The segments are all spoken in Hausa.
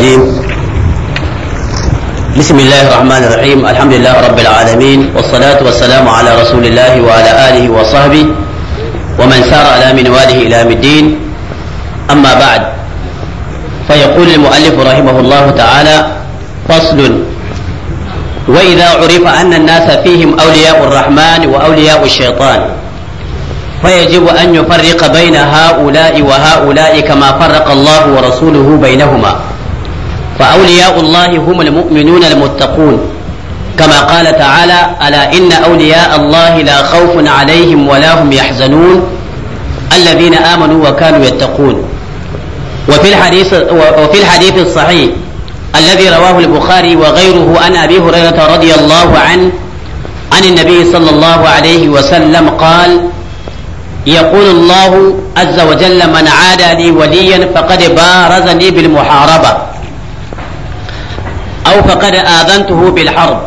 الرجيم بسم الله الرحمن الرحيم الحمد لله رب العالمين والصلاة والسلام على رسول الله وعلى آله وصحبه ومن سار على منواله إلى الدين أما بعد فيقول المؤلف رحمه الله تعالى فصل وإذا عرف أن الناس فيهم أولياء الرحمن وأولياء الشيطان فيجب أن يفرق بين هؤلاء وهؤلاء كما فرق الله ورسوله بينهما فأولياء الله هم المؤمنون المتقون كما قال تعالى ألا إن أولياء الله لا خوف عليهم ولا هم يحزنون الذين آمنوا وكانوا يتقون وفي الحديث وفي الحديث الصحيح الذي رواه البخاري وغيره عن أبي هريرة رضي الله عنه عن النبي صلى الله عليه وسلم قال يقول الله عز وجل من عادى لي وليا فقد بارزني بالمحاربه أو فقد آذنته بالحرب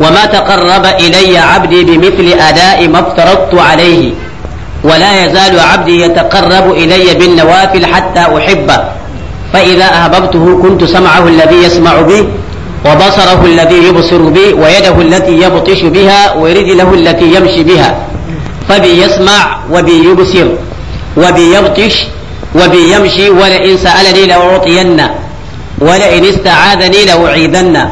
وما تقرب إلي عبدي بمثل أداء ما افترضت عليه ولا يزال عبدي يتقرب إلي بالنوافل حتى أحبه فإذا أحببته كنت سمعه الذي يسمع به وبصره الذي يبصر به ويده التي يبطش بها ورجله التي يمشي بها فبي يسمع وبي يبصر وبي يبطش وبي يمشي ولئن سألني لأعطينه ولئن استعاذني لأعيذنه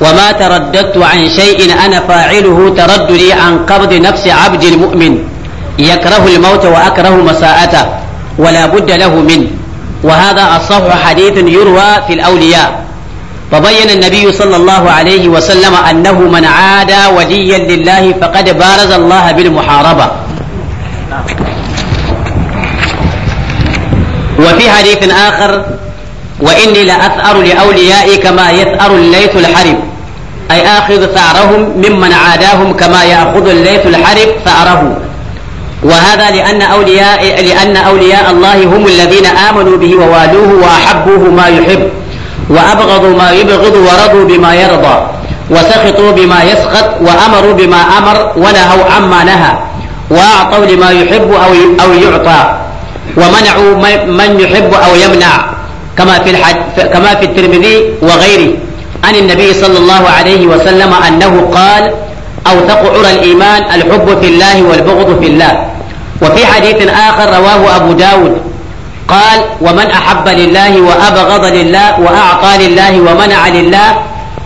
وما ترددت عن شيء أنا فاعله ترددي عن قبض نفس عبد المؤمن يكره الموت وأكره مساءته ولا بد له منه وهذا أصح حديث يروى في الأولياء فبين النبي صلى الله عليه وسلم أنه من عادى وليا لله فقد بارز الله بالمحاربة وفي حديث آخر وإني لأثأر لأوليائي كما يثأر الليث الحرب أي آخذ ثأرهم ممن عاداهم كما يأخذ الليث الحرب ثأره وهذا لأن أولياء لأن أولياء الله هم الذين آمنوا به ووالوه وأحبوه ما يحب وأبغضوا ما يبغض ورضوا بما يرضى وسخطوا بما يسخط وأمروا بما أمر ونهوا عما نهى وأعطوا لما يحب أو أو يعطى ومنعوا من يحب أو يمنع كما في الحد كما في الترمذي وغيره عن النبي صلى الله عليه وسلم أنه قال أو تقعر الإيمان الحب في الله والبغض في الله وفي حديث آخر رواه أبو داود قال ومن أحب لله وأبغض لله وأعطى لله ومنع لله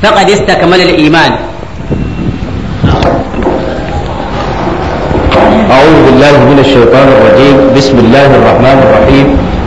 فقد استكمل الإيمان أعوذ بالله من الشيطان الرجيم بسم الله الرحمن الرحيم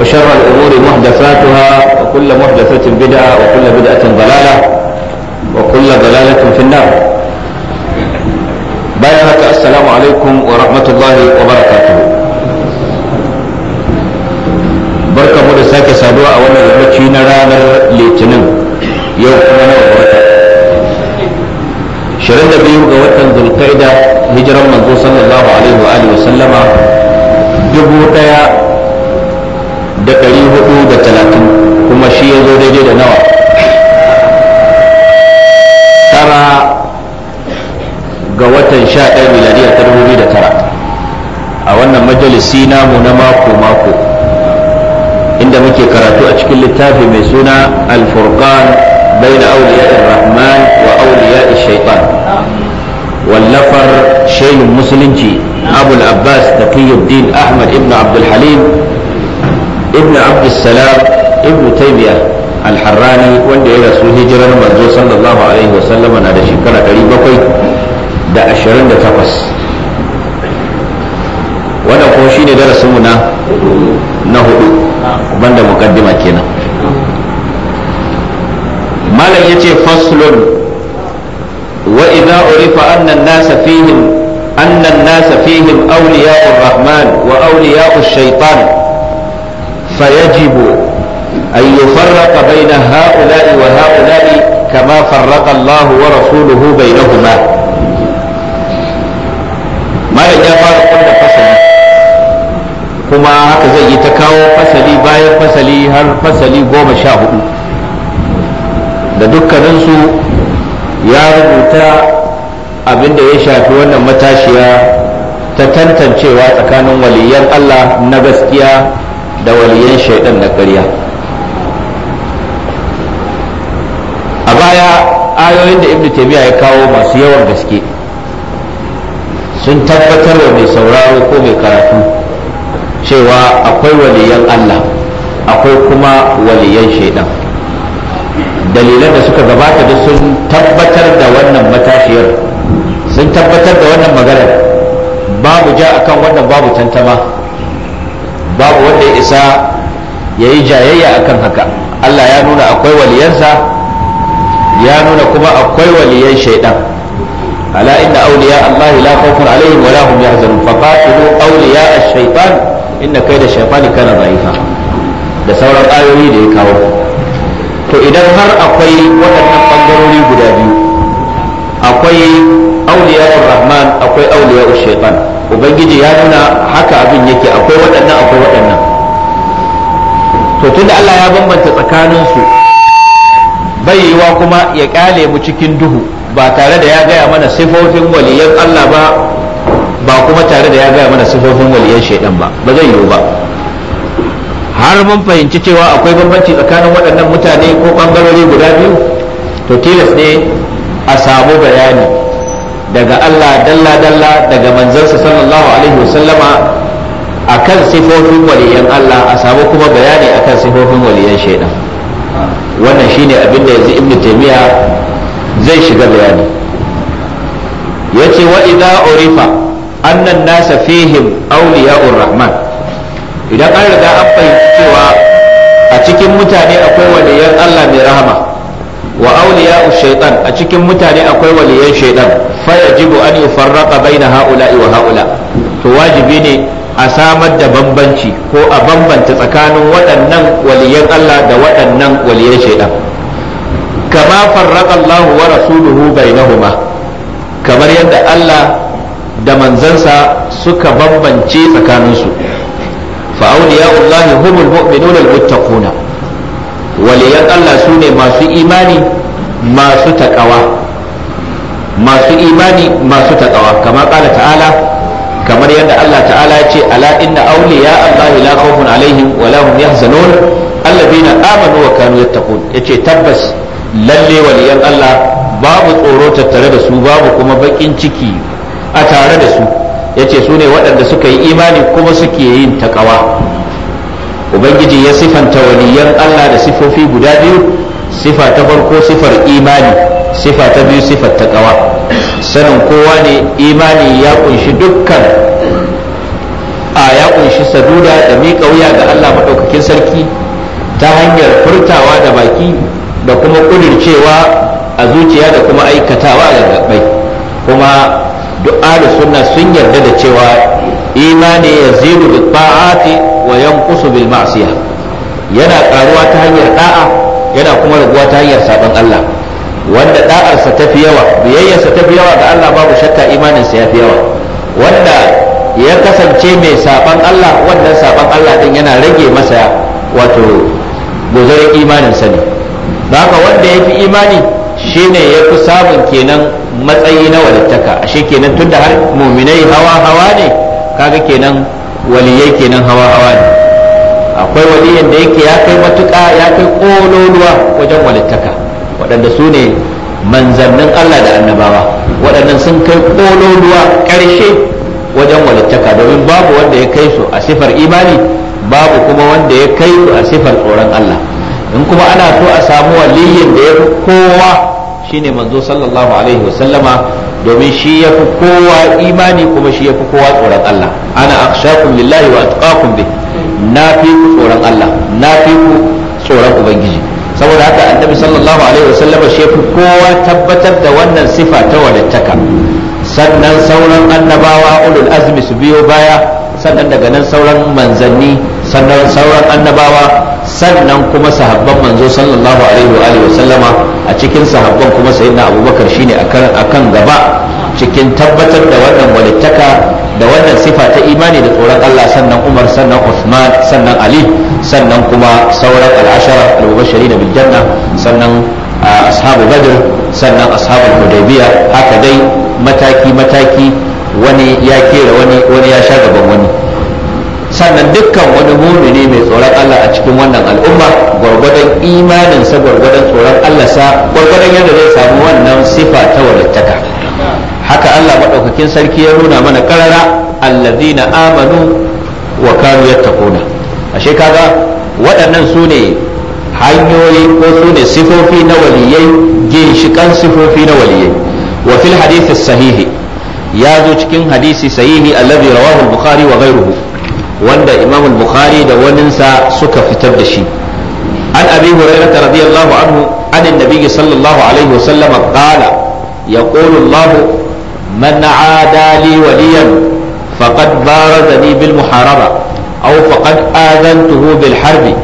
وشر الأمور محدثاتها وكل محدثة بدعة وكل بدعة ضلالة وكل ضلالة في النار بارك السلام عليكم ورحمة الله وبركاته بركة مرساك سادوة أولا يمتشي نرانا لتنم يوم أنا وبركة شرد بيو قوتن ذو القعدة هجرا منذ صلى الله عليه وآله وسلم دبوتا da ɗari hudu da talatin kuma shi ya zo daidai da nawa tara ga watan sha ɗaya miladiyar ta dubu da tara a wannan majalisi namu na mako mako inda muke karatu a cikin littafi mai suna alfurqan baina auliya rahman wa auliya shaitan wallafar shehin musulunci abul abbas taqiyuddin ahmad ibn abdul halim ibn abdussalam ibn taymiya alharrani wanda ya rasu hijirar mazo sallallahu alaihi wasallam na da shekara 728 wannan kuma shine darasinmu na na hudu banda muqaddima kenan malam yace faslun wa idza urifa anna an-nasa fihim anna an-nasa fihim awliya'ur rahman wa awliya'ush shaytan فيجب أن يفرق بين هؤلاء وهؤلاء كما فرق الله ورسوله بينهما ما ya fara kulla fasali kuma haka zai yi ta kawo fasali bayan fasali har fasali goma sha hudu da dukkaninsu ya rubuta abinda ya shafi wannan matashiya ta tantancewa tsakanin waliyyar Allah na gaskiya da waliyan shaidan na ƙarya a baya ayoyin da ibnu taymiya ya kawo masu yawan gaske sun tabbatar wa mai sauraro ko mai karatu cewa akwai waliyan Allah akwai kuma waliyan shaidan dalilan da suka gabata da sun tabbatar da wannan matashiyar sun tabbatar da wannan maganar babu ja akan wannan babu tantama babu wanda ya isa ya yi jayayya akan haka Allah ya nuna akwai waliyansa ya nuna kuma akwai waliyan shaidan ala inna awliya Allah la khawfun alaihim wa la hum yahzanun fa qatilu awliya ash-shaytan inna kayda shaytani kana da'ifa da sauran ayoyi da ya kawo to idan har akwai waɗannan bangarori guda biyu akwai awliya ar-rahman akwai awliya ash-shaytan ubangiji ya nuna haka abin yake akwai waɗannan akwai waɗannan to tunda Allah ya bambanta tsakaninsu bai yiwa kuma ya ƙyale mu cikin duhu ba tare da ya gaya mana sifofin waliyan Allah ba ba kuma tare da ya gaya mana sifofin waliyan shaidan ba ba zai yiwu ba har mun fahimci cewa akwai bambanci tsakanin waɗannan mutane ko bangarori guda biyu to tilas ne a samu bayani daga Allah dalla dalla daga manzansa sallallahu alaihi wasallama akan sifofin waliyan Allah a samu kuma bayani akan sifofin waliyan shaidan wannan shine abin da yanzu ibnu taymiya zai shiga bayani yace wa idza urifa annan nasa fihim awliya'ur rahman idan an riga an fahimci cewa a cikin mutane akwai waliyan Allah mai rahama wa awliya'u shaytan a cikin mutane akwai waliyan shaytan faya yajibu an yufarraqa baina ha'ula'i wa ha'ula to wajibi ne a samar da bambanci ko a bambanta tsakanin waɗannan waliyan Allah da waɗannan waliyan shaytan kama farraqa Allah wa rasuluhu bai bainahuma kamar yadda Allah da manzansa suka bambance tsakaninsu fa awliya'u Allah humul mu'minuna al-muttaquna waliyan Allah su ne masu imani masu taƙawa masu imani masu taƙawa Kama ƙala ta'ala kamar yadda Allah ta'ala ya ce ala inna awliya Allah la khawfun alaihim wa la hum yahzanun alladhina amanu wa kanu yattaqun yace tabbas lalle waliyan Allah babu tsoro tattare da su babu kuma bakin ciki a tare da su yace su ne waɗanda suka yi imani kuma suke yin taƙawa ubangiji ya sifanta waliyan Allah da sifofi guda biyu sifa ta farko sifar imani sifa ta biyu sifar taqwa sanin kowa ne imani ya kunshi dukkan a ya kunshi saduda da miƙa wuya ga Allah maɗaukakin sarki ta hanyar furtawa da baki da kuma kudircewa a zuciya da kuma aikatawa da gabai kuma duk sunna sun yarda da cewa imani yazidu bi ta'ati wa yanqusu bil ma'siyah yana ƙaruwa ta hanyar da'a yana kuma raguwa ta hanyar sabon Allah wanda da'arsa ta fi yawa biyayyarsa ta fi yawa ga Allah babu shakka imaninsa ya fi yawa wanda ya kasance mai sabon Allah wannan sabon Allah din yana rage masa wato imanin sani ne haka wanda ya fi imani shine ya fi samun kenan matsayi na walittaka ashe kenan tunda har muminai hawa hawa ne kaga kenan waliyai kenan hawa hawa ne akwai waliyan da yake ya kai matuƙa ya kai ƙololuwa wajen walittaka waɗanda su ne manzannin Allah da annabawa waɗannan sun kai ƙololuwa ƙarshe wajen walittaka domin babu wanda ya kai su a sifar imani babu kuma wanda ya kai su a sifar tsoron Allah in kuma ana so a samu waliyin da ya fi kowa shine manzo sallallahu alaihi wasallama domin shi ya fi kowa imani kuma shi ya fi kowa tsoron Allah ana akhshakum lillahi wa atqakum bi na fi ku tsoron Allah na fi ku tsoron ubangiji saboda haka annabi sallallahu alaihi wasallam shi ya fi kowa tabbatar da wannan sifa ta wadataka. sannan sauran annabawa ulul azmi su biyo baya sannan daga nan sauran manzanni sannan sauran annabawa sannan kuma sahabban manzo sallallahu alaihi wa alihi sallama a cikin sahabban kuma sayyidina abubakar shine akan akan gaba cikin tabbatar da wannan walittaka da wannan sifa ta imani da tsoron Allah sannan Umar sannan Uthman sannan Ali sannan kuma sauran al'ashara al-mubashirin bil janna sannan ashabu badr sannan ashabul hudaybiya haka dai mataki mataki wani ya kera wani wani ya sha gaban wani sannan dukkan wani mumini mai tsoron Allah a cikin wannan al'umma gwargwadon imanin gwargwadon tsoron Allah sa gwargwadon yadda zai samu wannan sifa ta walittaka haka Allah maɗaukakin sarki ya nuna mana karara allazina amanu wa kanu yattaquna ashe kaga waɗannan su ne hanyoyi ko su ne sifofi na waliyai ginshikan sifofi na waliyai wa fil hadisi sahihi ya zo cikin hadisi sahihi allazi rawahu al-bukhari wa ghayruhu wanda imam bukhari da waninsa suka fitar da shi an abi hurairah radiyallahu anhu an annabi sallallahu alaihi wasallam qala yaqulu allah man aada li waliyan faqad barazani bil muharaba aw faqad adantuhu bil harbi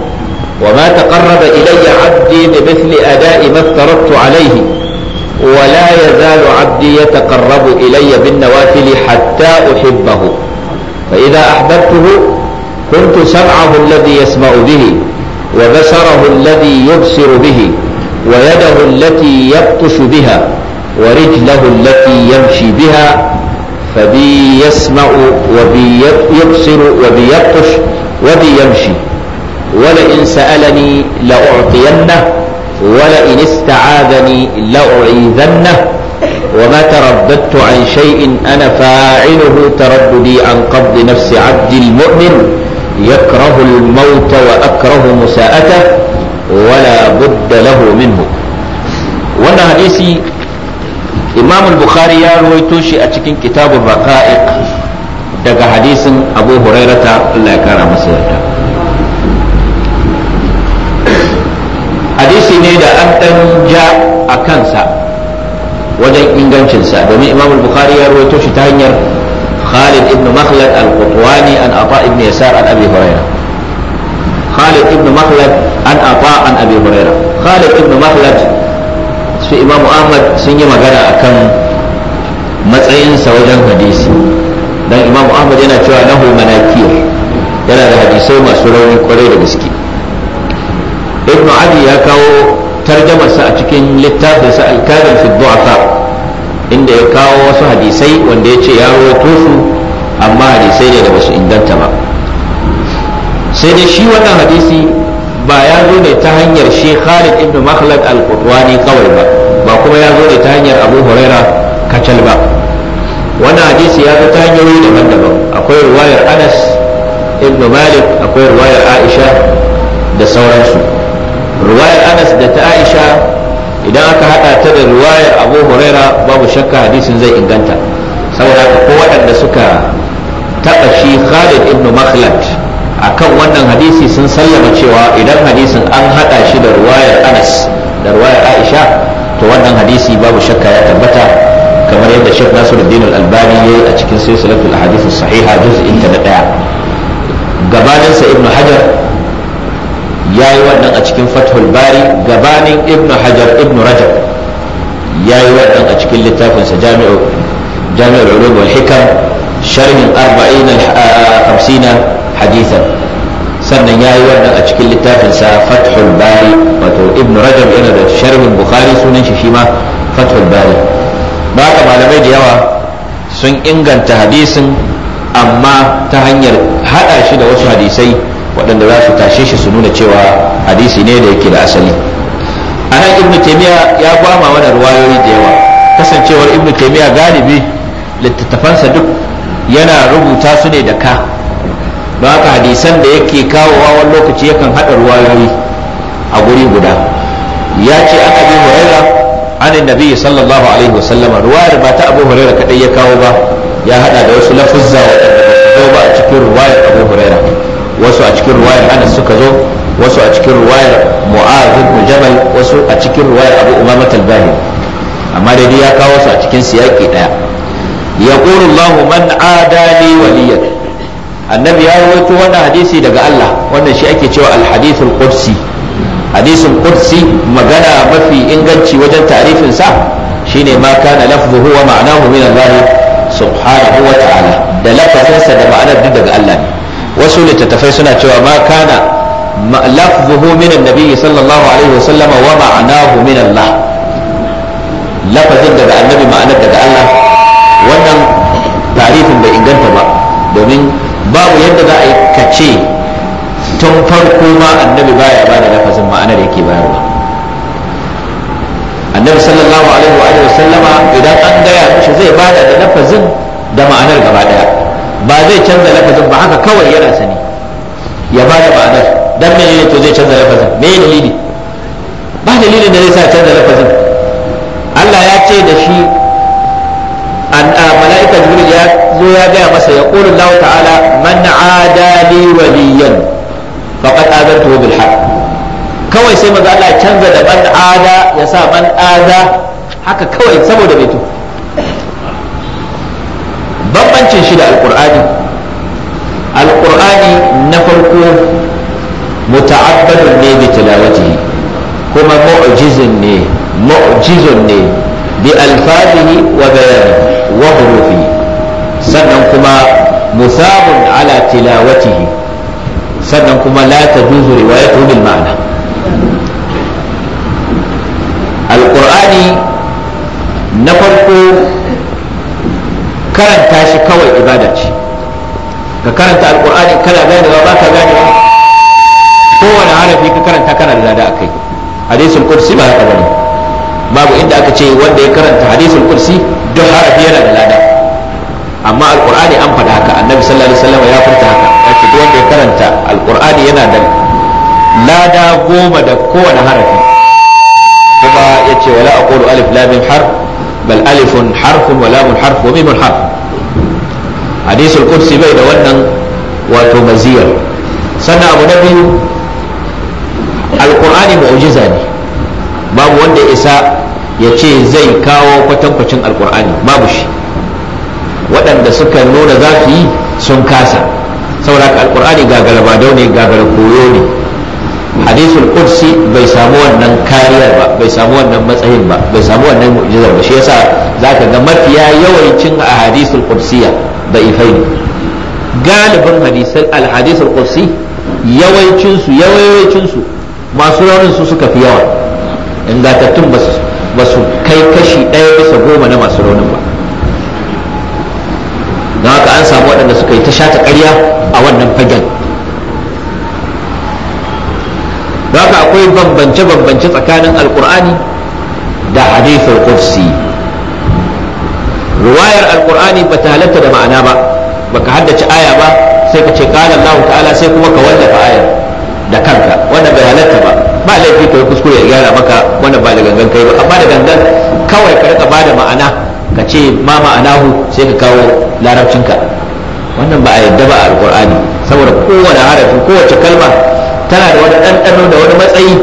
وما تقرب إلي عبدي بمثل أداء ما افترضت عليه ولا يزال عبدي يتقرب إلي بالنوافل حتى أحبه فإذا أحببته كنت سمعه الذي يسمع به وبصره الذي يبصر به ويده التي يبطش بها ورجله التي يمشي بها فبي يسمع وبي يبصر وبي يبطش وبي يمشي ولئن سألني لأعطينه ولئن استعاذني لأعيذنه وما ترددت عن شيء أنا فاعله ترددي عن قبض نفس عبد المؤمن يكره الموت وأكره مساءته ولا بد له منه وانا حديثي إمام البخاري يا رويتوشي أتكين كتاب الرقائق دقى حديث أبو هريرة الله كان مسيرته hadisi ne da an ɗan ja a kansa wajen ingancinsa domin imam bukhari ya rawaito shi ta hanyar khalid ibn makhlad al-qutwani an ata ibn yasar an abi huraira khalid ibn makhlad an ata an abi huraira khalid ibn makhlad su imam ahmad sun yi magana akan matsayinsa wajen hadisi dan imam ahmad yana cewa lahu manakir yana da hadisai masu rauni kwarai da gaske ibn abi ya kawo tarjamarsa a cikin littafinsa alkarin fi du'afa inda ya kawo wasu hadisai wanda ya ce ya rawaito su amma hadisai ne da basu inganta ba sai dai shi wannan hadisi ba ya zo ne ta hanyar shi Khalid ibn Makhlad al-Qurwani kawai ba ba kuma ya zo ne ta hanyar Abu Huraira kacal ba wannan hadisi ya zo ta hanyoyi daban-daban akwai ruwayar Anas ibn Malik akwai ruwayar Aisha da sauransu ruwayar anas da ta aisha idan aka hada ta da ruwayar abu huraira babu shakka hadisin zai inganta saboda ko waɗanda suka taɓa shi khalid ibn makhlad akan wannan hadisi sun sallama cewa idan hadisin an hada shi da ruwayar anas da ruwayar aisha to wannan hadisi babu shakka ya tabbata kamar yadda shek nasiruddin al-albani ya yi a cikin silsilatul hadisi sahiha juz'in ta da daya gabaninsa ibn hajar ya yi wannan a cikin fathul bari gabanin ibn hajar ibn rajab ya yi wannan a cikin littafinsa jami'ar ulum wal hikam sharhin arba'in ah, hamsina hadithan sannan ya yi wannan a cikin littafinsa fathul bari wato ibn rajab yana da sharhin bukhari sunan shi shi ma fathul bari ba ka malamai da yawa sun inganta hadisin amma ta hanyar hada shi da wasu hadisai waɗanda za su tashe shi su nuna cewa hadisi ne da yake da asali a nan Ibn taymiya ya gwama mana ruwayoyi da yawa kasancewar Ibn taymiya galibi littattafansa duk yana rubuta su ne da ka don haka hadisan da yake kawowa wani lokaci yakan haɗa ruwayoyi a guri guda ya ce aka bi huraira an nabi sallallahu alaihi sallama. ruwayar ba ta abu huraira kaɗai ya kawo ba ya haɗa da wasu lafuzza waɗanda ba su ba a cikin ruwayar abu huraira wasu a cikin ruwayar anas suka zo wasu a cikin ruwayar mu'az ibn jabal wasu a cikin ruwayar abu umama bahi amma dai ya kawo su a cikin siyaki daya yaqulu allah man adali waliyan annabi ya rawaito wannan hadisi daga allah wannan shi ake cewa al hadithul qudsi hadisin qudsi magana mafi inganci wajen tarifin sa shine ma kana lafzuhu wa ma'nahu min allah subhanahu wa ta'ala da lafazinsa da ma'anar duk daga allah ne wasu littattafai suna cewa ma kana lafzuhu min annabi sallallahu alaihi wasallam wa ma'anahu min Allah lafazin daga annabi ma'anar daga Allah wannan tarifin bai inganta ba domin babu yadda za a yi kace tun farko ma annabi baya ba da lafazin ma'anar yake bayarwa annabi sallallahu alaihi wa sallama idan an gaya mishi zai bada da lafazin da ma'anar gaba daya ba zai canza lafazin ba haka kawai yana sani ya ba da ma'anar dan menene to zai canza lafazin me dalili ba dalilin da zai sa canza lafazin Allah ya ce da shi an mala'ika jibril ya zo ya gaya masa ya qulu Allah ta'ala man adali waliyan faqad adantu bil haqq kawai sai maza Allah canza da man ada ya sa man ada haka kawai saboda bai bambancin shi da alkur'ani alkur'ani na farko muta'abbadun ne bi tilawatihi kuma mu'jizun ne mu'jizun ne bi alfadihi wa bayani wa hurufi sannan kuma musabun ala tilawatihi sannan kuma la tajuzu riwayatuhu bil ma'ana Alƙur'ani na farko karanta shi kawai ibada ce ka karanta alkur'ani kana ganewa ba ka ganewa kowane harafi ka karanta kana da lada akai hadisul kursi ba haka bane babu inda aka ce wanda ya karanta hadisul kursi duk harafi yana da lada amma alkur'ani an faɗa haka annabi sallallahu alaihi wasallam ya furta haka yace duk wanda ya karanta alkur'ani yana da lada goma da kowane harafi kuma yace wala aqulu alif lam har. bal alifun harfun wa lamun harf wa mimun harf hadisul qudsi bai da wannan wato maziyar sannan abu na biyu alqur'ani mu'ujiza ne babu wanda isa ya ce zai kawo kwatankwacin alqur'ani babu shi waɗanda suka nuna za su yi sun kasa saboda alqur'ani gagara ba ne gagara koyo ne hadisul qudsi bai samu wannan kariyar ba bai samu wannan matsayin ba bai samu wannan mu'jizar ba shi yasa zaka ga mafiya yawancin ahadisul qudsiya da ifaini galibin hadisan al-hadisul qudsi yawancin su yawancin su masu raunin su suka fi yawa ingantattun ba su kai kashi ɗaya bisa goma na masu raunin ba don haka an samu waɗanda suka yi ta shata ƙarya a wannan fagen akwai bambance-bambance tsakanin alkur'ani da hadithul kursi ruwayar alkur'ani ba ta halatta da ma'ana ba baka haddace aya ba sai ka ce qala Allah ta'ala sai kuma ka wallafa aya da kanka wanda bai halatta ba ba laifi kai kuskure ya gyara maka wanda ba da gangan kai ba amma da gangan kawai ka rika bada ma'ana ka ce ma ma'anahu sai ka kawo larabcinka wannan ba a yadda ba a alkur'ani saboda kowane harafi kowace kalma tana da wani ɗanɗano da wani matsayi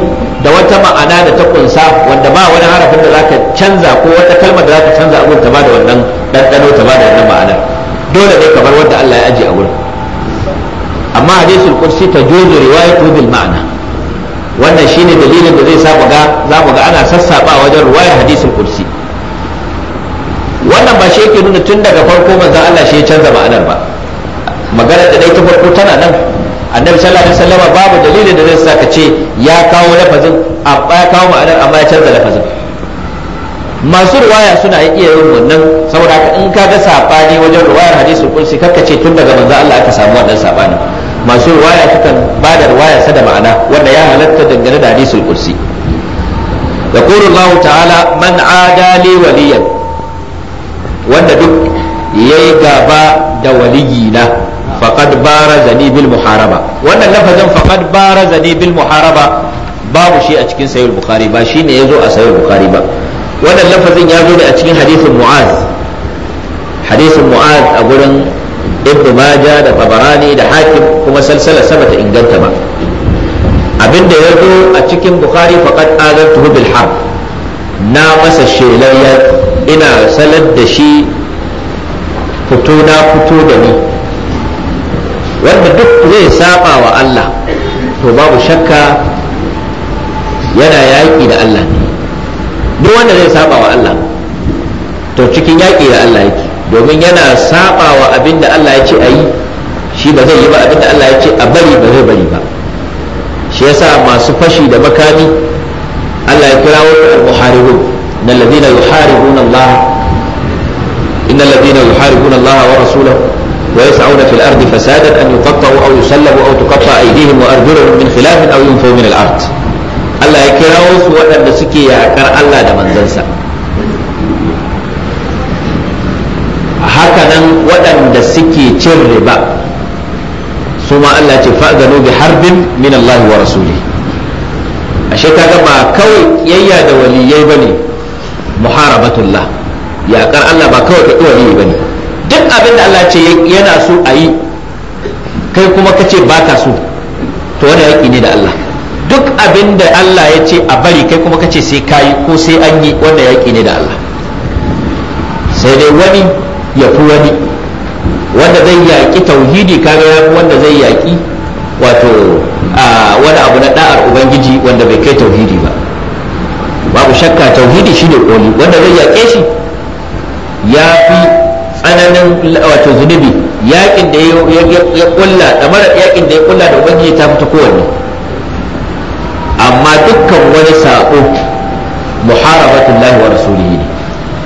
da wata ma'ana da ta kunsa wanda ba wani harafin da za ka canza ko wata kalmar da za ka canza abin ta ba da wannan ɗanɗano ta ba da wannan ma'anar dole ne kamar wanda Allah ya aje a wurin amma hadisul kursi ta jojo riwayatu bil ma'ana wannan shine dalilin da zai sa mu ga za mu ga ana sassaba wajen riwayar hadisi kursi wannan ba shi yake nuna tun daga farko manzon Allah shi ya canza ma'anar ba maganar da dai ta farko tana nan annabi sallallahu alaihi wasallam babu dalilin da zai sa ka ce ya kawo lafazin amma ya kawo ma'anar amma ya canza lafazin masu ruwaya suna iya yin wannan saboda haka in ka ga sabani wajen ruwayar hadisul kar ka ce tun daga manzo Allah aka samu wannan sabani masu ruwaya sukan ba da ruwaya sa da ma'ana wanda ya halatta dangane da hadisul kursi يقول الله تعالى من عادى لي وليا wanda duk ya yi gaba da waliyina faqad barazani bil muharaba wannan lafazin faqad barazani bil muharaba babu shi a cikin sahih bukhari ba shine yazo a sahih bukhari ba wannan lafazin ya zo ne a cikin hadisin mu'az hadisin mu'az a gurin ibn majah da tabarani da hakim kuma salsala sama ta inganta ba abinda ya zo a cikin bukhari faqad azantuhu bil harb na masa shelar ina salar da shi fito na fito da ni wanda duk zai saba wa Allah to babu shakka yana yaƙi da Allah ne duk wanda zai saba wa Allah to cikin yaƙi da Allah yake domin yana saba wa abin da Allah ya ce a yi shi ba zai yi ba abin da Allah ya ce a bari ba zai bari ba shi yasa masu fashi da makami Allah ya kira wa al-muharibun na ladina yuharibuna Allah innal ladina yuharibuna Allah wa rasulahu ويسعون في الأرض فسادا أن يقطعوا أو يسلبوا أو تقطع أيديهم وأرجلهم من خلاف أو ينفوا من الأرض Allah ya kirawo su waɗanda suke yaƙar Allah da manzansa hakanan waɗanda suke cin ba su ma Allah ce fa'adano harbin min Allah wa rasuli ashe kaga ba kawai kiyayya da waliyai bane muharabatullah Allah ba kawai kaɗi bane duk abin da Allah ce yana so a yi kai kuma ka ce ba ka so to wanda yaƙi ne da Allah duk abin da Allah ya ce a bari kai kuma kace ce sai ka yi ko sai an yi wanda yaƙi ne da Allah sai dai wani ya fi wani wanda zai yaƙi tauhidi kaga ya fi wanda zai yaƙi wato wani abu na da'ar ubangiji wanda bai kai tauhidi ba babu shakka tauhidi shine koli wanda zai yaƙe shi ya fi tsananin wato zunubi yakin da ya kulla damarar yakin da ya kulla da ubangiji ta fita kowanne amma dukkan wani sako muharabatullahi wa rasulihi ne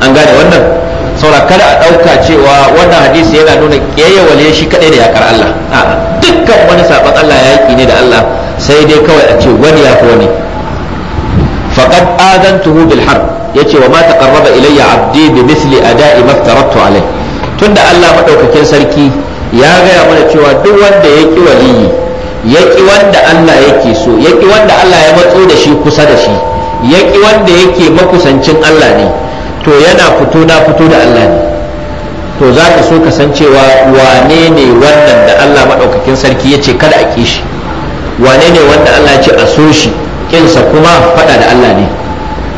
an gane wannan saura kada a ɗauka cewa wannan hadisi yana nuna ƙeyewale shi kaɗai da yakar Allah a dukkan wani saɓon Allah yaƙi ne da Allah sai dai kawai a ce wani ya fi wani faqad adantuhu bil harb yace wa ma taqarraba ilayya abdi bi misli ada'i ma alayhi tunda Allah maɗaukakin sarki ya gaya mana cewa duk wanda ya ƙi waliyi ya ƙi wanda Allah yake so ya ƙi wanda Allah ya matso da shi kusa da shi ya ƙi wanda yake makusancin Allah ne to yana fito na fito da Allah ne to za ka so cewa wane ne wannan da Allah maɗaukakin sarki ya ce kada a ƙi shi wane ne wanda Allah ya ce a so shi ƙinsa kuma faɗa da Allah ne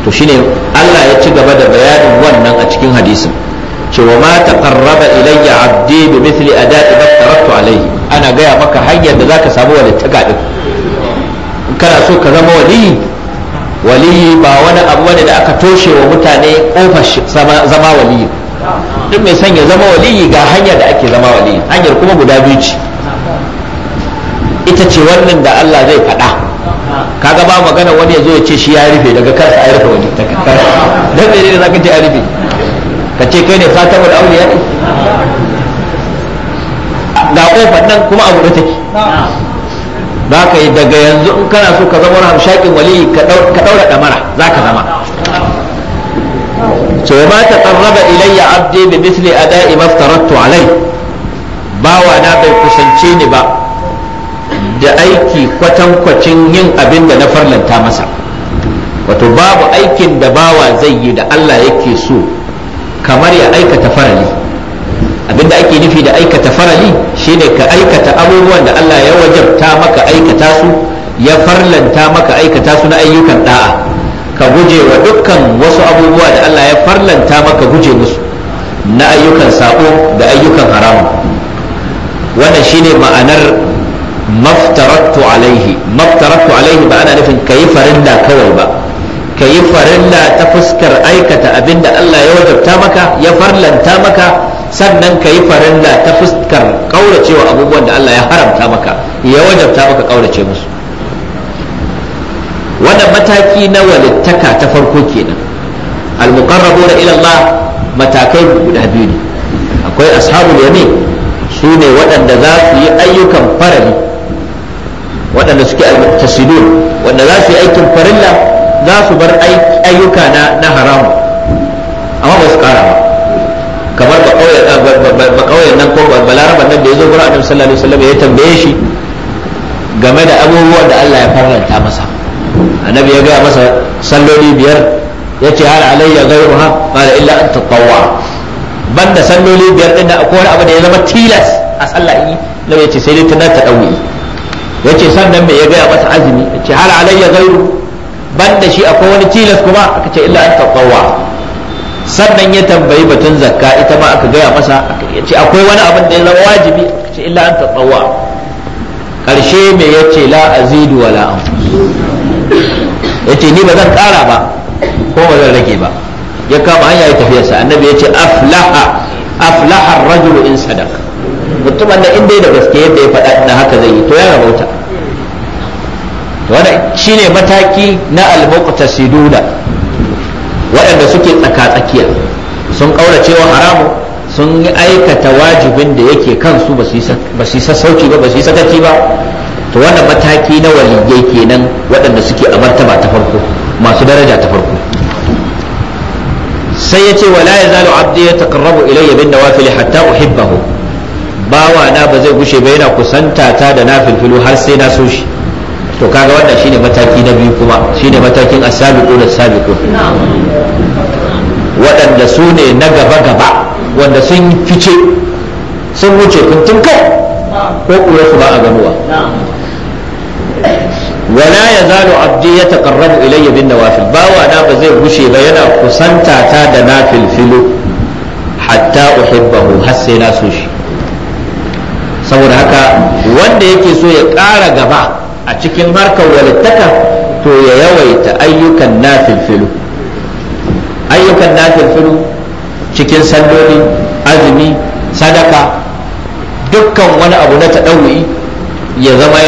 to shine Allah ya ci gaba da bayanin wannan a cikin hadisin ce wa ma taqarraba ilayya abdi bi mithli ada'i ma taraktu alayhi ana gaya maka hanyar da zaka samu wani taga din kana so ka zama waliyi waliyi ba wani abu wani da aka toshe wa mutane kofar zama waliyi duk mai son ya zama waliyi ga hanyar da ake zama waliyi hanyar kuma guda biyu ce ita ce wannan da Allah zai faɗa kaga ba magana wani ya zo ya ce shi ya rufe daga kansa a rufe wani daga ne da zaka ce ya rufe ka ce kai ne khatamul auliya ga kofar nan kuma abu da take za ka yi daga yanzu in kana so ka zama wani hamshakin waliyi ka daura damara za ka zama to ma ta qarraba ilayya abdi bi misli ada'i maftaratu alai bawa na bai kusance ni ba da aiki kwatankwacin yin abin da na farlanta masa wato babu aikin da bawa zai yi da Allah yake so kamar ya aikata farali abinda ake nufi da aikata farali shine ka aikata abubuwan da Allah ya wajabta maka aikata su ya farlanta maka aikata su na ayyukan da'a ka guje wa dukkan wasu abubuwa da Allah ya farlanta maka guje musu na ayyukan sako da ayyukan haramun wannan shine ma'anar maftaratu alaihi maftaratu alaihi ba ana nufin farin da kawai ba ka yi farilla ta fuskar aikata abin da Allah ya wajabta maka ya farlanta maka sannan ka yi farilla ta fuskar kauracewa abubuwan da Allah ya haramta maka ya wajabta maka kaurace musu wannan mataki na walittaka ta farko kenan al-muqarrabuna ila Allah matakai guda biyu ne akwai ashabul yamin su ne waɗanda za su yi ayyukan farali waɗanda suke al-muqtasidun wanda za su yi aikin farilla za su bar ayyuka na haramu amma ba su kara ba kamar ba kauyen nan ko ba. balaraban nan da ya zo gurin annabi sallallahu alaihi wasallam ya tambaye shi game da abubuwan da Allah ya faranta masa annabi ya gaya masa salloli biyar ya ce hal alayya ghayruha qala illa an tatawwa banda salloli biyar din da akwai wani abu da ya zama tilas a sallah in nabi ya ce sai dai ta dawi ya ce sannan me ya gaya masa azumi ya ce hal alayya ghayru ban da shi akwai wani tilas kuma aka ce illa an tatawwa sannan ya tambayi batun zakka ita ma aka gaya masa ya ce akwai wani abin da ya zama wajibi aka ce illa an tatawwa karshe me yace, la azidu wa la ya ni ba zan kara ba ko ba zan rage ba ya kama hanya ya tafiyarsa annabi yace ce aflaha aflaha rajulu in sadaka mutumin da inda da gaske yadda ya faɗa ina haka zai yi to ya rabauta wannan shine mataki na al-muqtasiduna waɗanda suke tsaka-tsakiya sun ƙaurace wa haramu sun yi aikata wajibin da yake kansu ba su yi sassauci ba ba su yi sakaci ba to wannan mataki na waliyai kenan waɗanda suke a martaba ta farko masu daraja ta farko sai ya ce wala ya zalo abdi ya taqarrabu ilayya bin nawafil hatta uhibbahu bawa na ba zai gushe ba yana kusanta ta da nafilfilu har sai na so shi to kaga wannan shine mataki na biyu kuma shine matakin asabiqu da sabiqu waɗanda su ne na gaba gaba wanda sun fice sun wuce kuntun kai ko kura su ba a ganuwa wala ya zalo abdi ya taqarrabu ilayya bin nawafil bawa na ba zai gushe ba yana kusanta ta da nafilfilu hatta uhibbahu har sai na so shi saboda haka wanda yake so ya ƙara gaba a cikin harkar walittaka to ya yawaita ayyukan nafilfilu ayyukan nafilfilu cikin salloli azumi sadaka dukkan wani abu na taɗaui ya zama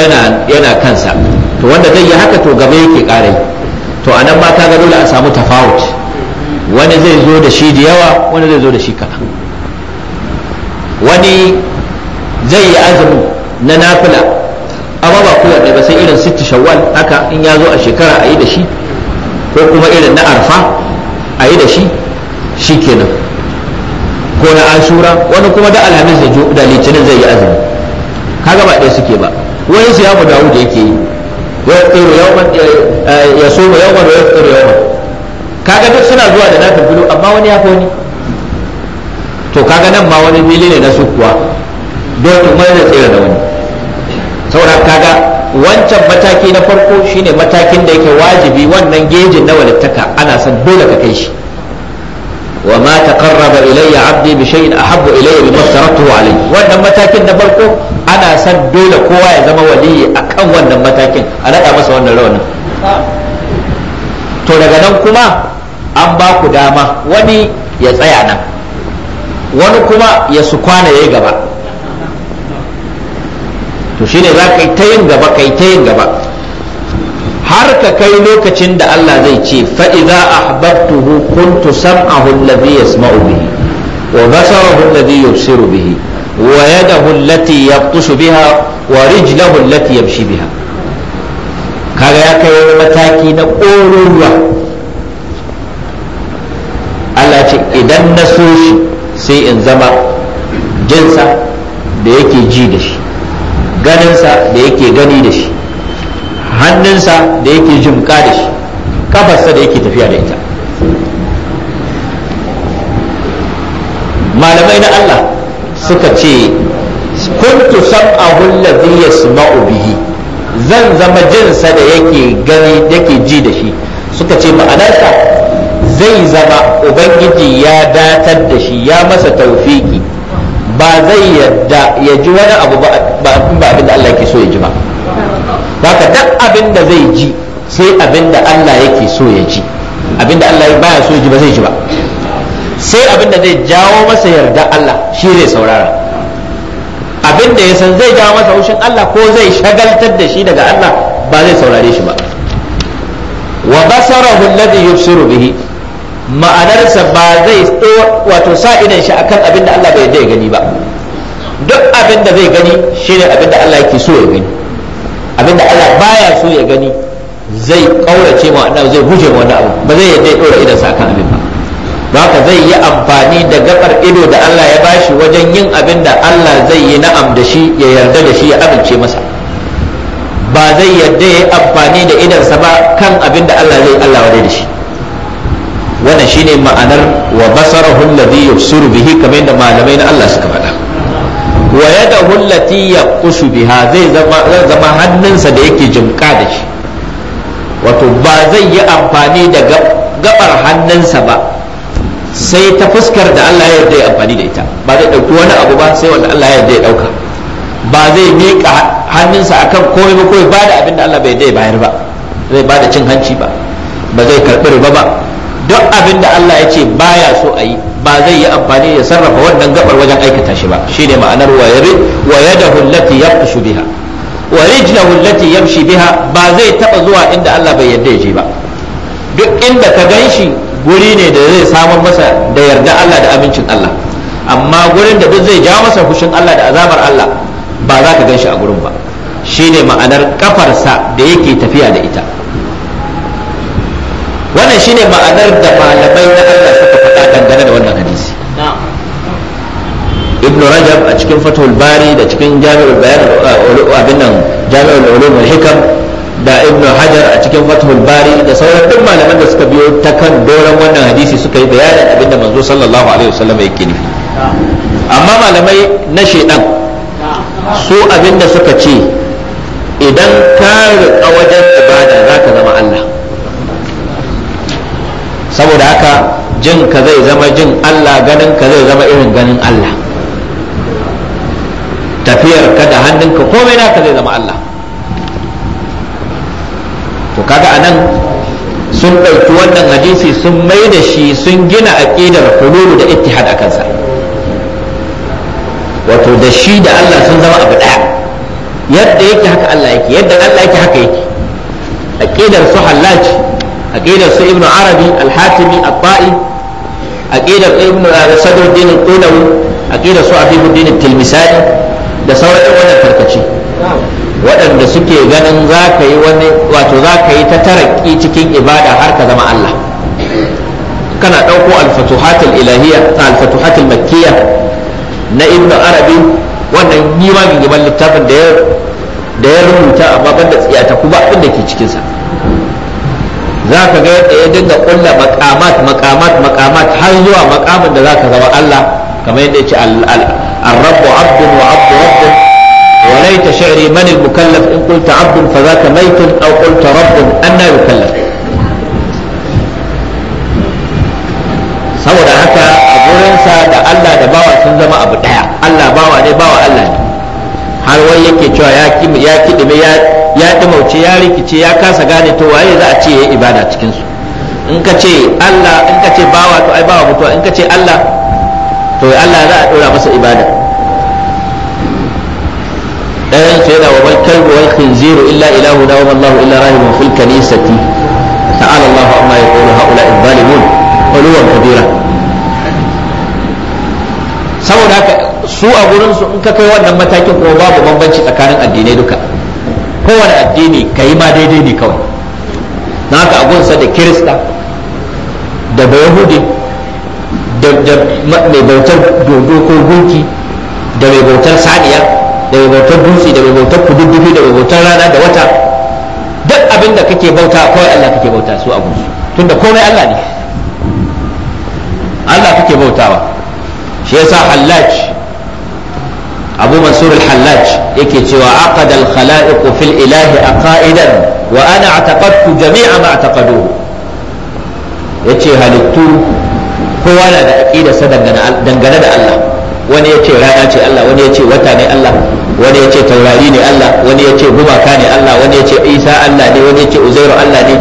yana kansa to wanda zai yi haka to gaba yake ƙarai to anan ma ka ga dole a samu tafawut wani zai zo da shi da yawa wani zai zo da shi kaɗan wani zai yi azumi na nafila kowanne ba sai irin sitti shawwal haka in ya zo a shekara a yi da shi ko kuma irin na arfa a yi da shi shi kenan ko na ashura wani kuma da alhamis da litinin zai yi azumi kaga ba ɗaya suke ba wani su yamu dawud yake yi eh, ya soma yawan da ya tsoro yawan kaga duk suna zuwa da nafin filo amma wani ya fi wani to kaga nan ma wani mili ne na su kuwa don mai da tsira da wani Sauran kaga wancan mataki na farko shine matakin da yake wajibi wannan gejin na walittaka ana son dole ka kai shi wa ma taqarraba ilayya 'abdi bi shay'in ahabbu ilayya mimma taraktuhu alayhi wannan matakin na farko ana son dole kowa ya zama waliyi akan wannan matakin a nada masa wannan rawanin to daga nan kuma an ba ku dama wani ya tsaya nan wani kuma ya su kwana yayi gaba shine za ka yi ta yin gaba ka yi ta yin gaba har ka kai lokacin da Allah zai ce fa'iza ahbabtuhu kuntu sam'ahu alladhi yasma'u bihi wa basarahu alladhi yubsiru bihi wa yadahu allati yabtushu biha wa rijlahu allati yamshi biha kaga ya kai wani mataki na ƙoruruwa Allah ce idan na so shi sai in zama jinsa da yake ji da shi ganinsa da yake gani da shi hannunsa da yake jimka da shi kafarsa da yake tafiya da ita malamai na Allah suka ce kuntu sam'ahu alladhi yasma'u bihi zan zama jinsa da yake gani yake ji da shi suka ce ma'anarsa zai zama ubangiji ya datar da shi ya masa taufiki ba zai yarda ya ji wani abu ba abin da Allah ke so ya ji ba haka duk abin da zai ji sai abin da Allah yake so ya ji abin da Allah baya so ya ji ba zai ji ba sai abin da zai jawo masa yarda Allah shi zai saurara abin da ya san zai jawo masa haushin Allah ko zai shagaltar da shi daga Allah ba zai saurare shi ba wa basarahu alladhi yubsiru bihi ma'anarsa ba zai wato sa idan shi akan abin da Allah bai yarda ya gani ba duk abin da zai gani shine abin da Allah yake so ya gani abin da Allah baya so ya gani zai kaurace ma wannan zai guje ma wannan abu ba zai yarda ya dora idan sa akan abin ba ba ka zai yi amfani da gabar ido da Allah ya bashi wajen yin abin da Allah zai yi na'am da shi ya yarda da shi ya amince masa ba zai yarda ya yi amfani da idansa ba kan abin da Allah zai Allah wadai da shi wannan shine ma'anar wa basarahu alladhi yusiru bihi kamar da malamai na Allah suka faɗa wa yadahu allati yaqushu biha zai zama zama hannunsa da yake jimka da shi wato ba zai yi amfani da gabar hannunsa ba sai ta fuskar da Allah ya yarda ya amfani da ita ba zai dauki wani abu ba sai wanda Allah ya yarda ya dauka ba zai miƙa hannunsa akan komai ba ko ya bada abin da Allah bai yarda ya bayar ba zai bada cin hanci ba ba zai karɓi riba ba duk abin da Allah ya ce baya so a yi ba zai yi amfani ya sarrafa wannan gabar wajen aikata shi ba shine ma'anar wa yari wa yadahu allati yabtashu biha wa rijluhu allati yamshi biha ba zai taba zuwa inda Allah bai yarda ya je ba duk inda ka ganshi guri ne da zai samar masa da yarda Allah da amincin Allah amma gurin da duk zai ja masa fushin Allah da azabar Allah ba za ka ganshi a gurin ba shine ma'anar kafarsa da yake tafiya da ita wannan shine ma'anar da malamai na Allah suka faɗa dangane da wannan hadisi ibnu rajab a cikin fatul bari da cikin jami'ul bayan uh, abin nan jami'ul ulum wal hikam da ibn hajar a cikin fatul bari da sauran duk malaman da suka biyo ta kan doron wannan hadisi suka yi bayanin abin da manzo sallallahu alaihi wasallam yake nufi amma malamai na shedan su abin da suka ce idan ka riƙa wajen ibada zaka zama Allah saboda haka jin ka zai zama jin Allah ganin ka zai zama irin ganin Allah tafiyar ka da hannunka komai naka zai zama Allah to kaga anan sun ɗauki wannan hadisi sun mai da shi sun gina aƙidar hululu da ittihad a kansa wato da shi da Allah sun zama abu ɗaya yadda yake haka Allah yake yadda Allah yake haka yake aƙidar su hallaci aqidar su ibnu arabi alhatimi hatimi al-ba'i aqidar ibnu eh, sadruddin al-qulawi aqidar su da sauran wannan tarkace waɗanda suke ganin za ka yi wani wato za ka yi ta taraki cikin ibada har ka zama Allah kana ɗauko al ilahiya al-ilahiyya al na ibnu arabi wannan yi ma littafin da ya rubuta amma banda tsiyata kuma abin da ke cikinsa za ka ga yadda ya dinga kulla makamat makamat makamat har zuwa makamin da za ka zama Allah kamar yadda ya ce al-rabbu abdun wa abdu الرب عبد وعبد رب وليت شعري من المكلف إن قلت عبد فذاك ميت أو قلت رب أنا يكلف saboda haka a gurin sa da Allah da bawa sun zama abu wai yake cewa ya kidime ya dimauce ya rikice ya kasa gane to waye za a ce ya ibada cikin su in ka ce Allah in ka ce bawa to ai bawa mutuwa in ka ce Allah to Allah za a dora masa ibada Dan su yana wa malkal wa khinziru illa ilahu na wa Allahu illa rahimun fil kanisati ta'ala Allahu amma yaqulu haula zalimun uluwan kabira saboda haka su a gurin su in ka kai wannan matakin kuma babu bambanci tsakanin addinai duka kowane addini ka yi ma daidai ne kawai na haka a gunsa da kirista da bayahudi da mai bautar dogo ko gunki da mai bautar saniya da mai bautar dutse da mai bautar kududdufi da mai bautar rana da wata duk abin da kake bauta kawai Allah kake bauta su a gunsu tunda komai Allah ne Allah kake bautawa shi yasa hallaj abu mansur al-hallaj yake cewa akadal al-khalaiq fil ilahi aqaidan wa ana ataqadtu jami'a ma ataqadu yace halittu kowa na da aqida sa dangane da Allah wani yace rana ce Allah wani yace wata ne Allah wani yace taurari ne Allah wani yace gumaka ne Allah wani yace Isa Allah ne wani yace Uzairu Allah ne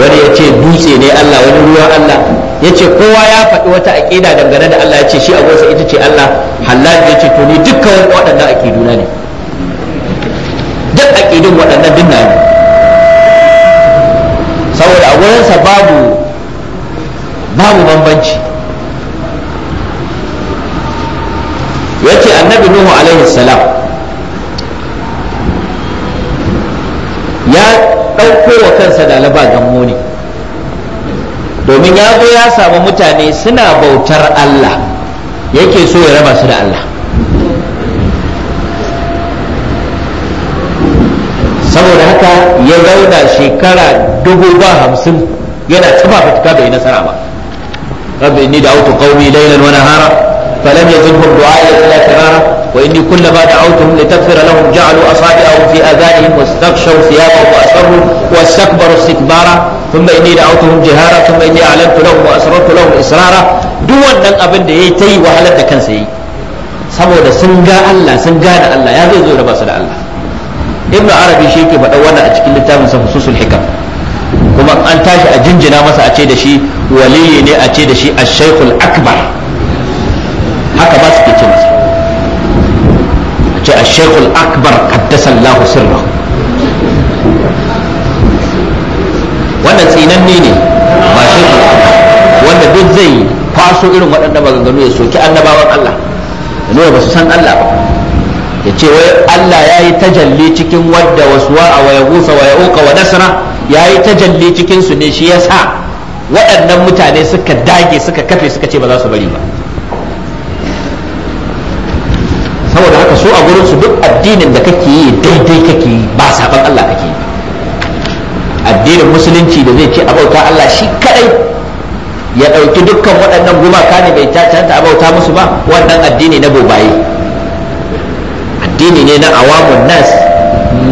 wani yace dutse ne Allah wani ruwa Allah yace kowa ya faɗi wata aƙida dangane da Allah yace shi agonsa ita ce Allah halal yace to ni dukkan waɗannan aƙiduna ne duk aƙidun waɗannan dinna ne saboda a gurinsa babu babu bambanci yace annabi nuhu alaihi salam ya ɗauko wa kansa da alaba gammo domin ya zo ya samu mutane suna bautar Allah yake so ya raba su da Allah saboda haka ya zauna shekara dubu ba hamsin yana taba fituka bai nasara ba rabbi inni da'utu qaumi laylan wa nahara falam yazidhum du'a'i illa firara wa inni kullama da'awtuhum litaghfira lahum ja'alu asabi'ahum fi adhanihim wastaghshaw thiyabahum wa asarru wastakbaru istikbara thumma inni da'awtuhum jihara thumma inni a'lantu lahum wa asrartu lahum israra duk wannan abin da yayi tayi wahalar da kansa yayi saboda sun ga Allah sun gane Allah ya zai zo da basu da Allah ibnu arabi shi yake faɗa wannan a cikin littafin sa hususul kuma an tashi a jinjina masa a ce da shi ne a ce akbar haka ba su ke a ce wannan tsinanne ne ba shi wanda duk zai kwaso irin waɗanda maganganu ya soki annabawan Allah ya nuna ba su san Allah ba ya ce wai Allah ya yi tajalli cikin wadda wasu wa a waya gusa waya uka wa nasara ya yi tajalli cikin ne shi ya sa waɗannan mutane suka dage suka kafe suka ce ba za su bari ba saboda haka su a gurin su duk addinin da kake yi daidai kake yi ba sabon Allah kake yi addinin musulunci da zai ce abauta Allah shi kadai ya ɗauki dukkan waɗannan gumaka ne bai cancanta abauta musu ba wannan addini na bobaye addini ne na awamun nas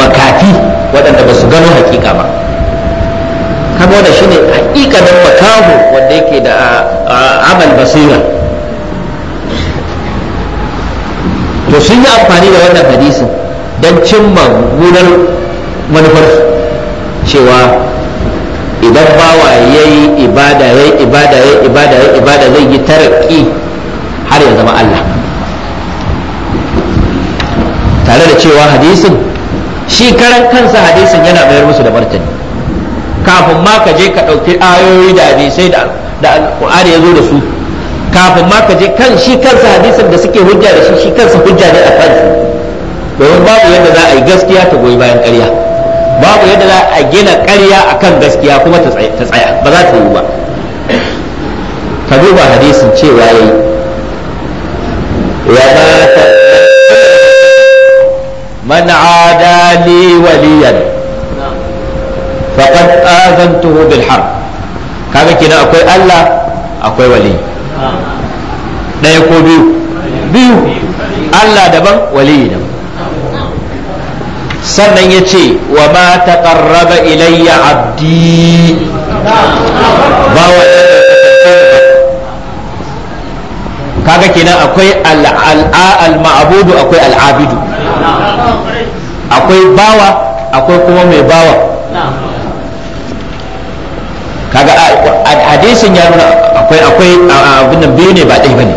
makafi waɗanda ba su gano hakika ba da shi ne hakikanin makaho wanda yake da amal basira to sun yi amfani da wannan hadisin don cimma gunar manufar cewa idan bawa ya yi ibada ya yi ibada ya yi ibada ya yi ibada zai yi tarakki har ya zama Allah tare da cewa hadisin shi karan kansa hadisin yana mayar musu da martani kafin ma ka je ka ɗauki ayoyi da hadisai da alƙur'ani ya zo da su kafin ma ka je kan shi kansa hadisin da suke hujja da shi shi kansa hujja ne a kansu domin babu yadda za a yi gaskiya ta goyi bayan ƙarya babu yadda za a gina ƙarya akan gaskiya kuma ta tsaya ba za ta yi ba ka duba hadisin cewa ya wa ma man adali waliyan faqad azantuhu bil harb kaga kina akwai Allah akwai wali ɗaya ko biyu biyu Allah daban wali daban sannan ya ce wa ma taqarraba ilayya abdi bawa kaga kenan akwai al'a mabudu akwai al'abidu akwai bawa akwai kuma mai bawa kaga hadisin ya nuna akwai akwai abin nan biyu ne ba ɗaya ba ne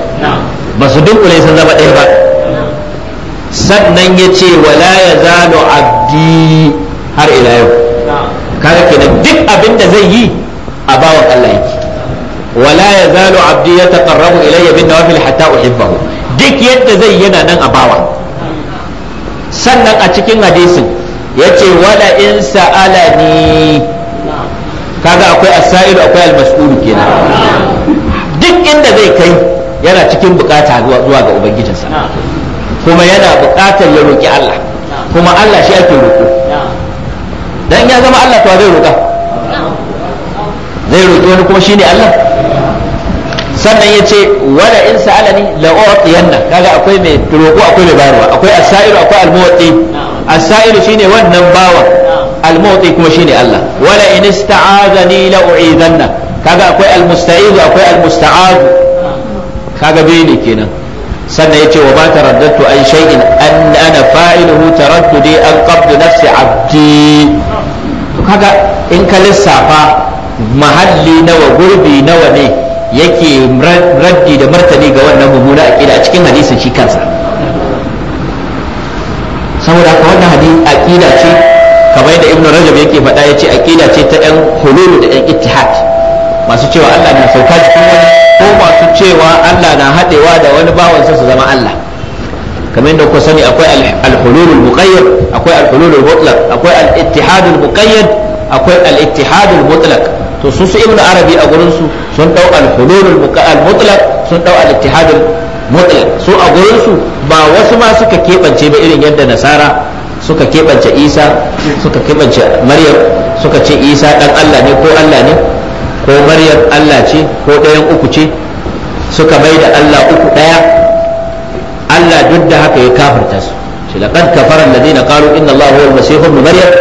ba su dunkule sun zama ɗaya ba sannan ya ce wala ya zalo abdi har ila yau kaga kenan duk abin da zai yi a bawan Allah yake wala ya zalo abdi ya taqarrabu ilayya bin nawafil hatta uhibbahu duk yadda zai yana nan a bawa sannan a cikin hadisin yace wala in sa'alani kaga akwai as-sa'ilu akwai al-mas'ulu kenan duk inda zai kai yana cikin bukata zuwa ga ubangijinsa kuma yana buƙatar ya roƙi Allah kuma Allah shi ake roƙo dan ya zama Allah to zai roƙa zai roƙi wani kuma shine Allah sannan ya ce wala in sa'alani la u'tiyanna kaga akwai mai roƙo akwai mai bayarwa akwai as-sa'iru akwai al-mu'ti as-sa'iru shine wannan bawa al-mu'ti kuma shine Allah wala in ista'azani la u'idanna kaga akwai al-musta'izu akwai al-musta'azu kaga bai ne kenan sannan yace wa ba taraddatu an shay'in an ana fa'iluhu taraddudi an qabdu nafsi abdi in ka lissafa mahalli nawa gurbi nawa ne yake raddi da martani ga wannan mummuna aqida a cikin hadisin kansa saboda ka wannan hadisi aqida ce kamar da ibnu rajab yake faɗa yace aqida ce ta yan hululu da ɗan ittihad masu cewa Allah na sauka ko masu cewa Allah na haɗewa da wani bawan su zama Allah kamar yadda kuka sani akwai al muqayyad akwai al mutlaq akwai al-ittihadul muqayyad akwai al-ittihadul mutlaq to su su ibnu arabi a gurin su sun dau al-hululul mutlaq sun dau al-ittihadul mutlaq su a gurin su ba wasu ma suka kebance ba irin yadda nasara suka kebance isa suka kebance maryam suka ce isa dan Allah ne ko Allah ne ko maryam Allah ce ko ɗayan uku ce suka mai da Allah uku ɗaya Allah duk da haka ya kafirta su ce laqad kafara alladhina qalu inna Allah huwa al-masih ibn maryam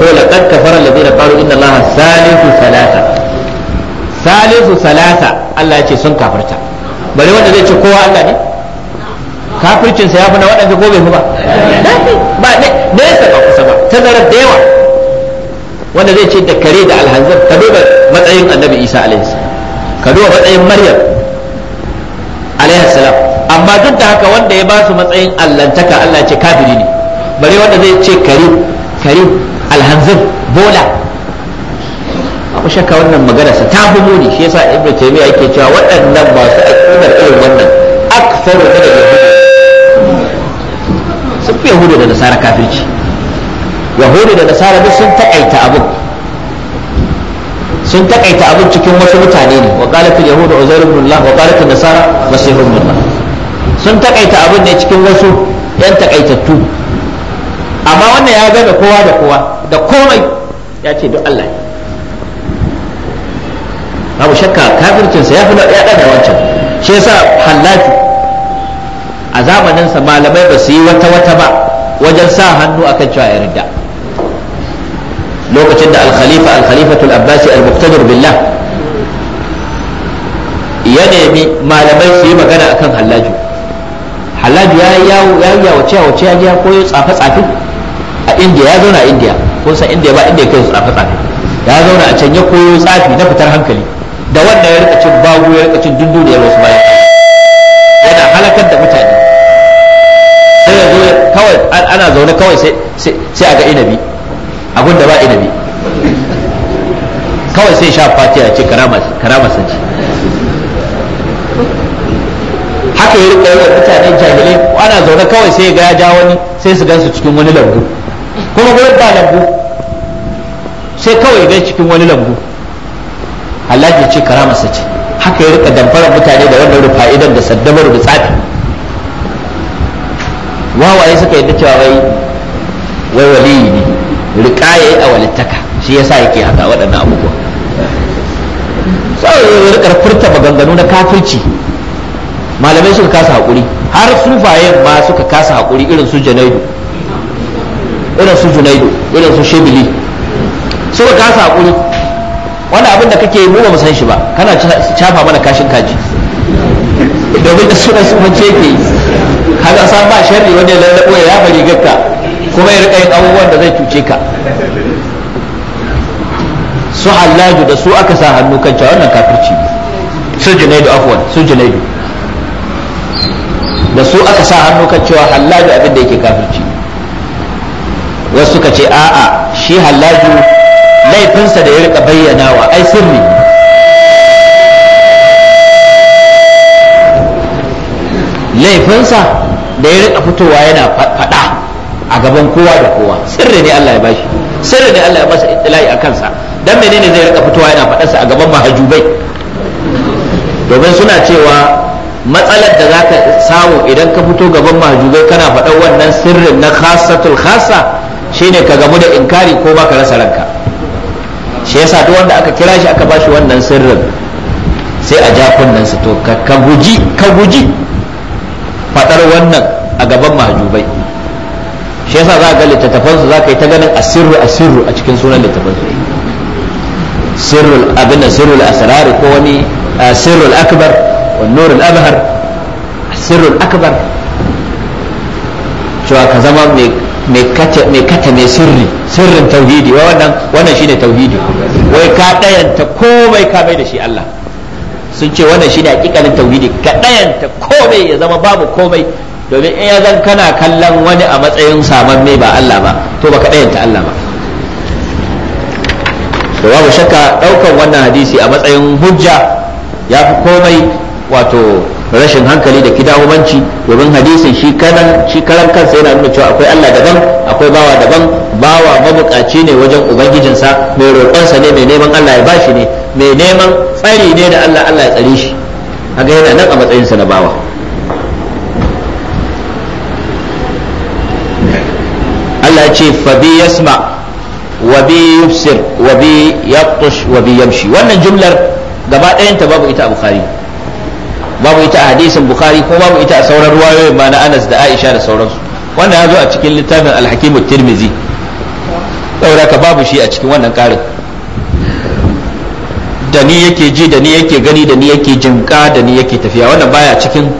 ko laqad kafara alladhina qalu inna Allah thalithu thalatha thalithu thalatha Allah ya ce sun kafirta bare wanda zai ce kowa Allah ne kafircinsa ya fi na waɗanda ko bai fi ba ba ne nesa ba kusa ba ta tazarar da yawa wanda zai ce da kare da alhanzar ka duba matsayin annabi isa alaihi ka duba matsayin maryam alaihi salam amma duk da haka wanda ya ba su matsayin allantaka allah ce kafiri ne bare wanda zai ce kare kare bola Akwai shakka wannan magana sa ta fi muni shi yasa ibnu taymiya yake cewa waɗannan masu aqidar irin wannan aksaru da yahudi sun fi yahudu da nasara kafirci yahudu da nasara duk sun takaita abin sun takaita abin cikin wasu mutane ne wa qalatul yahudu uzair ibn Allah wa qalatul nasara masih ibn Allah sun takaita abin ne cikin wasu yan takaitattu amma wannan ya ga kowa da kowa da komai ya ce duk Allah babu shakka kafircinsa ya fi ya da wancan shi yasa hallatu a zamaninsa malamai ba su yi wata wata ba wajen sa hannu akan cewa ya rida lokacin da al-khalifa al-khalifatul abbasi al-muqtadir billah ya nemi malamai su yi magana akan hallaju hallaju ya yi yawo ya wace ya ya koyo tsafe tsafe a indiya ya zauna a indiya kun san indiya ba indiya kai tsafe tsafe ya zauna a can ya koyo tsafi na fitar hankali da wanda ya rika cin bagu ya rika cin dunduniyar wasu bayan yana halakar da mutane sai ya zo kawai ana zaune kawai sai a ga inabi abin da ba inabi kawai sai sha fatiya ce karama sanci haka yi rikon yawan mutanen jahilai ana zaune kawai sai ga ya ja wani sai su gansu cikin wani lambu kuma gurin ba lambu sai kawai gan cikin wani lambu Allah ce karama sace haka ya rika damfarar mutane da wannan rufa'idan da saddamar da tsafi wawaye suka yadda cewa wai wai waliyi ne riƙa ya yi a walittaka shi ya sa yake haka waɗannan abubuwa sai rikar furta maganganu na kafirci malamai suka kasa haƙuri har sufayen ma suka kasa haƙuri irin su janaidu irin su junaidu irin su shebili suka kasa haƙuri wanda abin da kake yi mu ba mu san shi ba kana cafa mana kashin kaji domin da suna su mace ke yi kaga san ba sharri wanda ya lallabo ya bari rigarka kuma ya rika yin abubuwan da zai cuce ka su hallaju da su aka sa hannu kan cewa wannan kafirci ne su junaidu afwan su junaidu da su aka sa hannu kan cewa hallaju abin da yake kafirci wasu suka ce a'a shi hallaju laifinsa da ya rika bayyanawa ai sirri laifinsa da ya rika fitowa yana faɗa a gaban kowa da kowa sirri ne Allah ya bashi sirri ne Allah ya masa ittila'i a kansa dan menene zai rika fitowa yana faɗarsa a gaban mahajubai domin suna cewa matsalar da za ka samu idan ka fito gaban mahajubai kana faɗar wannan sirrin na khasatul khasa shine ka gamu da inkari ko ba ka rasa ranka shi yasa duk wanda aka kira shi aka ba shi wannan sirrin sai a ja kunnensa to ka guji ka guji faɗar wannan a gaban mahajubai shi yasa za ga littattafan su za ka yi ta ganin asirru asirru a cikin sunan littattafan su sirru abin da sirrul asrar ko wani sirrul akbar wan nurul abhar Sirru akbar cewa ka zama mai kata mai sirri sirrin tauhidi wa wannan wannan shine tauhidi wai ka dayanta komai ka mai da shi Allah sun ce wannan shine hakikalin tauhidi ka dayanta komai ya zama babu komai domin in ya zan kana kallon wani a matsayin saman ne ba Allah ba to baka ta Allah ba to babu shakka ɗaukan wannan hadisi a matsayin hujja ya fi komai wato rashin hankali da kidahumanci domin hadisin shi karan shi karan kansa yana nuna cewa akwai Allah daban akwai bawa daban bawa mabukaci ne wajen ubangijinsa mai roƙonsa ne mai neman Allah ya bashi ne mai neman tsari ne da Allah Allah ya tsare shi kaga yana nan a matsayin sa na bawa Allah ce fa bi yasma wa bi yubsir wa bi yaqtush wa bi yamshi wannan jumlar gaba ɗayan ta babu ita a bukhari babu ita a hadisin bukhari ko babu ita a sauran ruwayoyin ma na Anas da Aisha da sauransu wannan ya zo a cikin littafin al-Hakim at-Tirmidhi saboda ka babu shi a cikin wannan karin da ni yake ji da ni yake gani da ni yake jinka da ni yake tafiya wannan baya cikin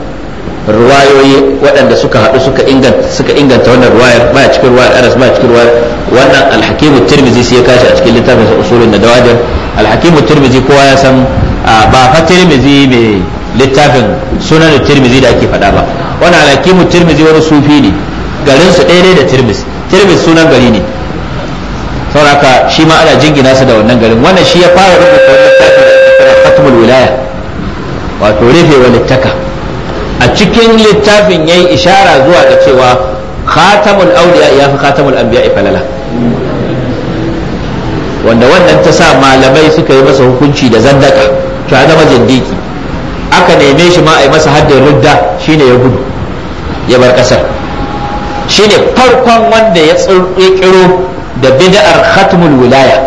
ruwayoyi waɗanda suka haɗu suka inganta suka inganta wannan ruwayar ba cikin ruwayar Anas ba cikin ruwayar wannan al turmizi tirmizi sai ya kashi a cikin littafin sa usulun nadawajin al-Hakim tirmizi kowa ya san ba fa turmizi mai littafin sunan turmizi da ake faɗa ba wannan al turmizi wani sufi ne garin su ɗaya da Tirmidhi Tirmidhi sunan gari ne sauraka shi ma ana jingina su da wannan garin wannan shi ya fara rubuta wannan littafin da ake kira Fatmul Wilaya wato rufe walittaka a cikin littafin ya yi ishara zuwa ga cewa khatamul auliya ya fi khatamul anbiya falala wanda wannan ta sa malamai suka yi masa hukunci da zandaka to ya zama jindiki aka neme shi ma a yi masa haddin rudda shine ya gudu ya bar kasar shine farkon wanda ya tsiro da bid'ar khatamul wilaya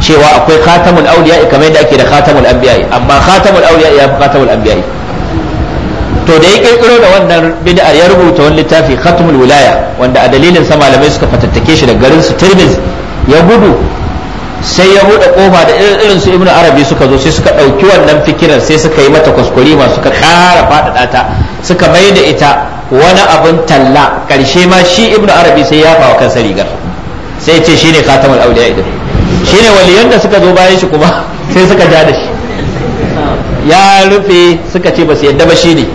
cewa akwai khatamul auliya kamar yadda ake da khatamul anbiya amma khatamul auliya ya fi khatamul anbiya to da ya kirkiro da wannan bid'ar ya rubuta wani littafi khatmul wilaya wanda a dalilin sa malamai suka fatattake shi da garin su tirmiz ya gudu sai ya bude kofa da irin su ibnu arabi suka zo sai suka ɗauki wannan fikirar sai suka yi mata ma suka kara faɗaɗa ta suka mai da ita wani abin talla karshe ma shi ibnu arabi sai ya fawa kansa rigar sai ce shine khatamul awliya idan shine waliyan da suka zo bayan shi kuma sai suka ja da shi ya rufe suka ce ba su yadda ba shi ne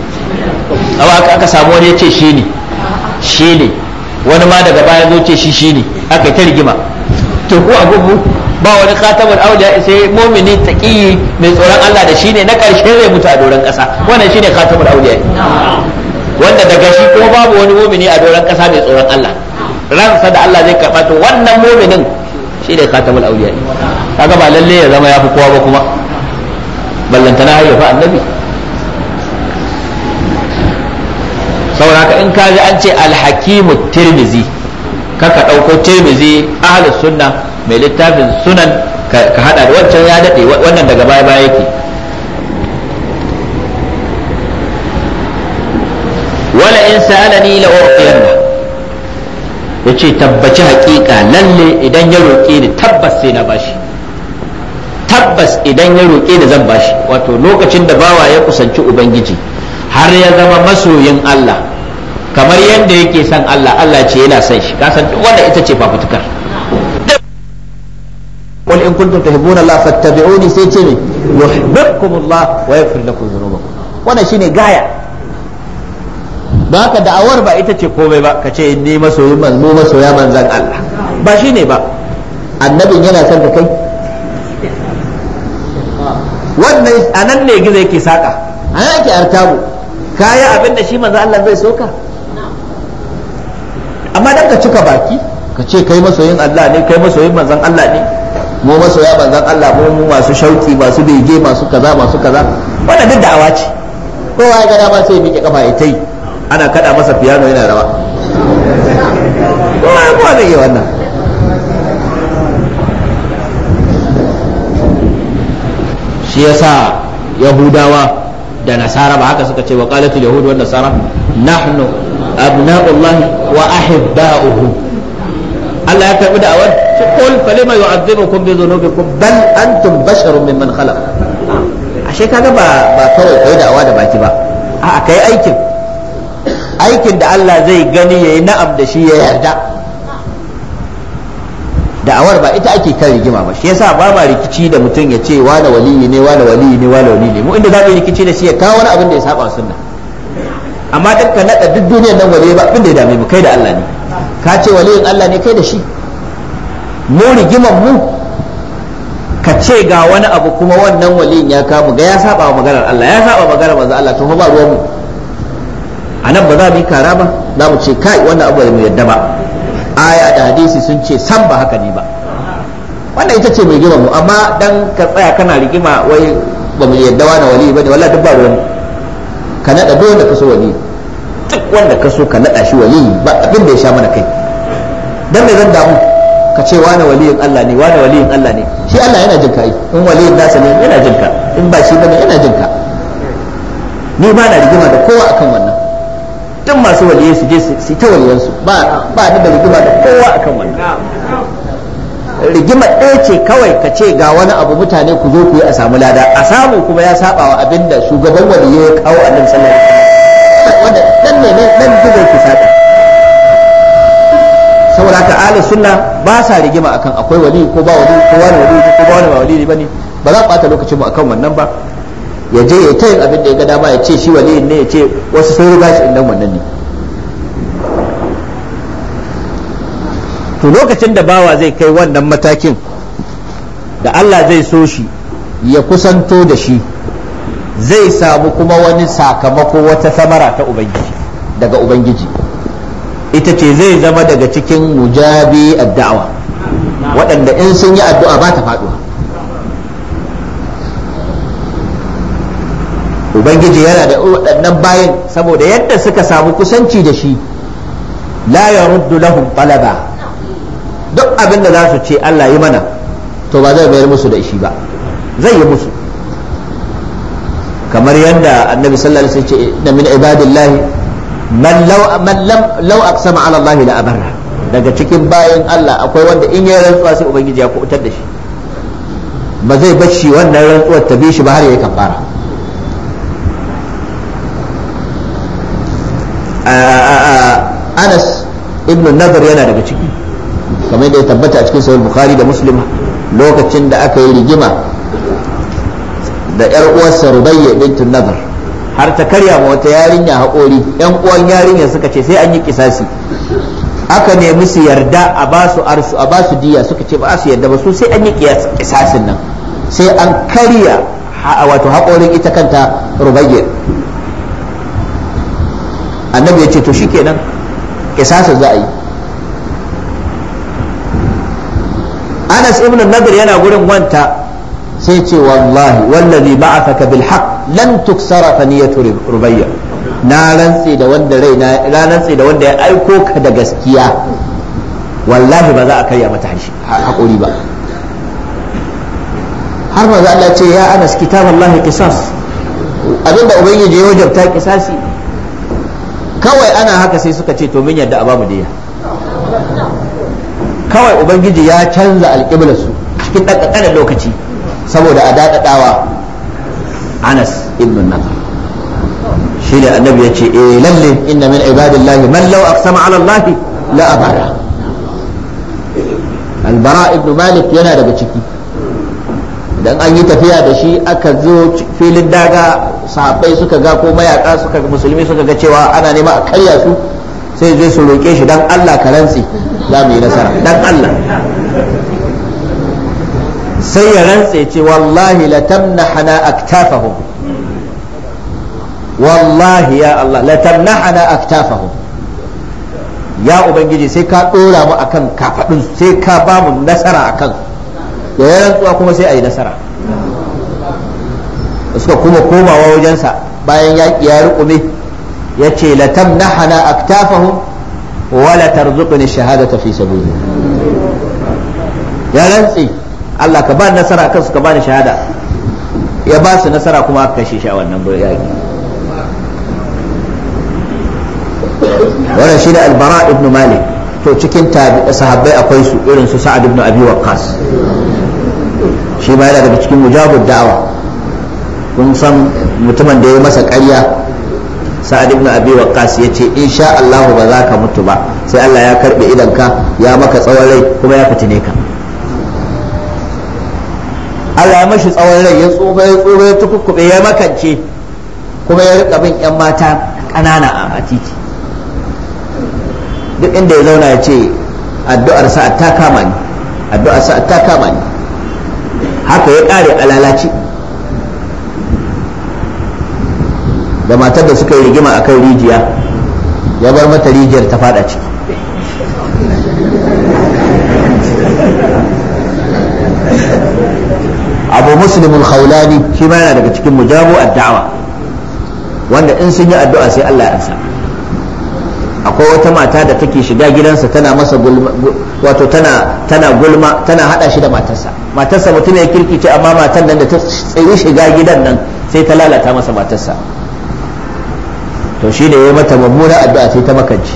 amma aka samu wani ya ce shi ne shi ne wani ma daga baya zo ce shi shi ne aka ta rigima to ku a gugu ba wani khatamul auliya sai mu'mini taqiyi mai tsoron Allah da shine na karshe zai mutu a doron kasa wannan shine khatamul auliya wanda daga shi ko babu wani mu'mini a doron kasa mai tsoron Allah ransa da Allah zai karba to wannan mu'minin shine khatamul auliya kaga ba lalle ya zama ya fi kowa ba kuma ballantana fa annabi saboda haka in kaji an ce alhakimu tirmizi kaka ɗauko tirmizi ahlus sunna mai littafin sunan ka hada da wancan ya daɗe wannan daga baya baya yake wala in sa'alani la uqiyanna yace tabbaci haƙiƙa lalle idan ya roƙe ni tabbas sai na bashi tabbas idan ya roƙe ni zan bashi wato lokacin da bawa ya kusanci ubangiji har ya zama masoyin Allah kamar yadda yake son Allah Allah ce yana son shi kasan duk wanda ita ce fafutukar kuntum tuhibbuna Allah fattabi'uni sai ce سيتمي yuhibbukumullah wa yaghfir lakum dhunubakum وانا shine gaya baka da'awar ba ita ce komai ba ka ce ni masoyi manzo masoya manzan Allah ba shine ba annabin yana son ka kai wannan anan ne gizo yake saka anan yake artabu Kaya abin da shi manzo Allah zai soka amma dan ka cika baki ka ce kai masoyin Allah ne kai masoyin manzon Allah ne mu masoya manzon Allah mu masu shauki masu bege masu kaza masu kaza wannan duk da'awa ce kowa ya ga dama sai miƙe kafa ya tai ana kada masa piano yana rawa kowa ya kowa zai yi wannan shi yasa yahudawa da nasara ba haka suka ce wa qalatul yahud wa nasara nahnu abna'ullah wa ahibba'uhu Allah ya karbi da'awar ki qul falima yu'adhibukum bi dhunubikum bal antum basharun mimman khalaq ashe kaga ba ba kawai kai awa da baki ba a'a kai aikin aikin da Allah zai gani yayi na'am da shi ya yarda da'awar ba ita ake kan rigima ba shi yasa ba ba rikici da mutum ya ce wani waliyi ne wani waliyi ne wani waliyi ne mu inda za mu yi rikici da shi ya kawo wani abin da ya saba sunna amma duk ka nada duk duniyar nan waliyi ba abin da ya dame mu kai da Allah ne ka ce waliyin Allah ne kai da shi mu rigiman mu ka ce ga wani abu kuma wannan waliyin ya kamu ga ya saba maganar Allah ya saba maganar manzo Allah to fa ba ruwan mu anan ba za mu yi kara ba za mu ce kai wannan abu bai mu yadda ba da hadisi sun ce san ba haka ne ba wannan ita ce mai girma mu amma dan ka tsaya kana rigima wai ba mu yadda wani wali ba ne wallahi duk ba ruwan ka nada duk wanda ka so wali duk wanda ka so ka nada shi wali ba abin da ya sha mana kai dan mai zan damu ka ce wani waliyin Allah ne wani waliyin Allah ne shi Allah yana jin ka in waliyin nasa ne yana jin ka in ba shi bane yana jin ka ni ba na rigima da kowa akan wannan duk masu waliyai su je su ta waliyansu ba ba da rigima da kowa akan wannan rigima ɗaya ce kawai ka ce ga wani abu mutane ku zo ku yi a samu lada a samu kuma ya saba wa abin da shugaban waliye ya kawo a nan sallar wanda dan ne dan dubo ki saba saboda ka ala sunna ba sa rigima akan akwai wali ko ba wali ko wani wali ko ba wani ba wali bane ba za a bata lokacin mu akan wannan ba ya je ya ta yin abin da ya ga dama ya ce shi waliyin ne ya ce wasu sun riga shi inda wannan ne to lokacin da bawa zai kai wannan matakin da Allah zai so shi ya kusanto da shi zai samu kuma wani sakamako wata samara ta ubangiji daga ubangiji ita ce zai zama daga cikin mujabi addu'a waɗanda in sun yi addu'a ba ta faɗuwa ubangiji yana da waɗannan bayan saboda yadda suka samu kusanci da shi la ruddu lahum talaba duk abin da za su ce Allah yi mana to ba zai bayar musu da shi ba zai yi musu kamar yadda annabi sallallahu alaihi wasallam ya ce min ibadillah man law man lam law aqsama ala Allah la abarra daga cikin bayan Allah akwai wanda in yayin rantsuwa sai ubangiji ya kuɓutar da shi ba zai bacci wannan rantsuwar ta bi shi ba har ya kafara anas ibnu nadar yana daga ciki kamar da ya tabbata a cikin sahih bukhari da muslim lokacin da aka yi rigima da yar rubayya bintun nadar har ta karya ma wata yarinya haƙori yan uwan yarinya suka ce sai an yi kisasi aka nemi su yarda a ba su arsu a ba su diya suka ce ba su yarda ba su sai an yi kisasin nan sai an karya wato haƙorin ita kanta rubayya annabi ya ce to shi kenan. kisasa za a yi anas ibn nadir yana gurin wanta sai ce wallahi wallazi ba'athaka bil haqq lan tuksara faniyatu rubayya na rantse da wanda rai na rantse da wanda ya aiko ka da gaskiya wallahi ba za a karya mata hakuri ba har ma za a ce ya anas kitaballahi kisas abinda ubangiji ya wajabta kisasi. kawai ana haka sai suka ce to mun yadda a bamu diya kawai ubangiji ya canza alƙiblar su cikin ɗan lokaci saboda a daɗaɗawa anas ibn nadar shi ne annabi ya ce eh lalle inna min ibadillahi man law aqsama ala allahi la abara albara ibn malik yana daga ciki idan an yi tafiya da shi aka zo filin daga sahabbai suka ga ko mayaka suka ga musulmi suka ga cewa ana nema a karya su sai zai su roƙe shi dan Allah ka rantsi za mu yi nasara dan Allah sai ya ya ce wallahi la tamnahana aktafahum wallahi ya Allah la tamnahana aktafahum ya ubangiji sai ka dora mu akan kafadun sai ka ba mu nasara akan ya rantsuwa kuma sai ayi nasara da suka kuma komawa wajensa bayan ya ya rukume ya ce latam nahana aktafahum wa la tarzuqni shahadata fi sabili ya rantsi Allah ka ba nasara kansu ka bani shahada ya ba su nasara kuma aka kashe shi a wannan yaƙi wannan shi da albara ibn malik to cikin sahabbai akwai su irin su sa'ad ibn abi waqqas shi ma yana daga cikin mujabud dawa. kun san mutumin da ya masa ƙarya sa'ad ibn abi waqqas yace insha Allah ba za ka mutu ba sai Allah ya karbe idan ka ya maka tsawon rai kuma ya fitine ka Allah ya mashi tsawon rai ya tsufa ya tsufa ya tukukube ya makance kuma ya rika bin yan mata ƙanana a titi duk inda ya zauna ya ce addu'ar sa ta kama ni addu'ar sa ta kama ni haka ya kare a lalace da matar da suka yi rigima a kan rijiya ya bar mata rijiyar ta fada ciki abu muslimul khawlani shi yana daga cikin mujabu ad wanda in sun yi addu'a sai Allah ya ansa akwai wata mata da take shiga gidansa tana masa wato tana tana gulma tana hada shi da matarsa matarsa mutum ya kirkice amma matan nan da ta tsayi shiga gidan nan sai ta lalata masa matarsa to shi ne ya mata mummuna addu'a sai ta makanci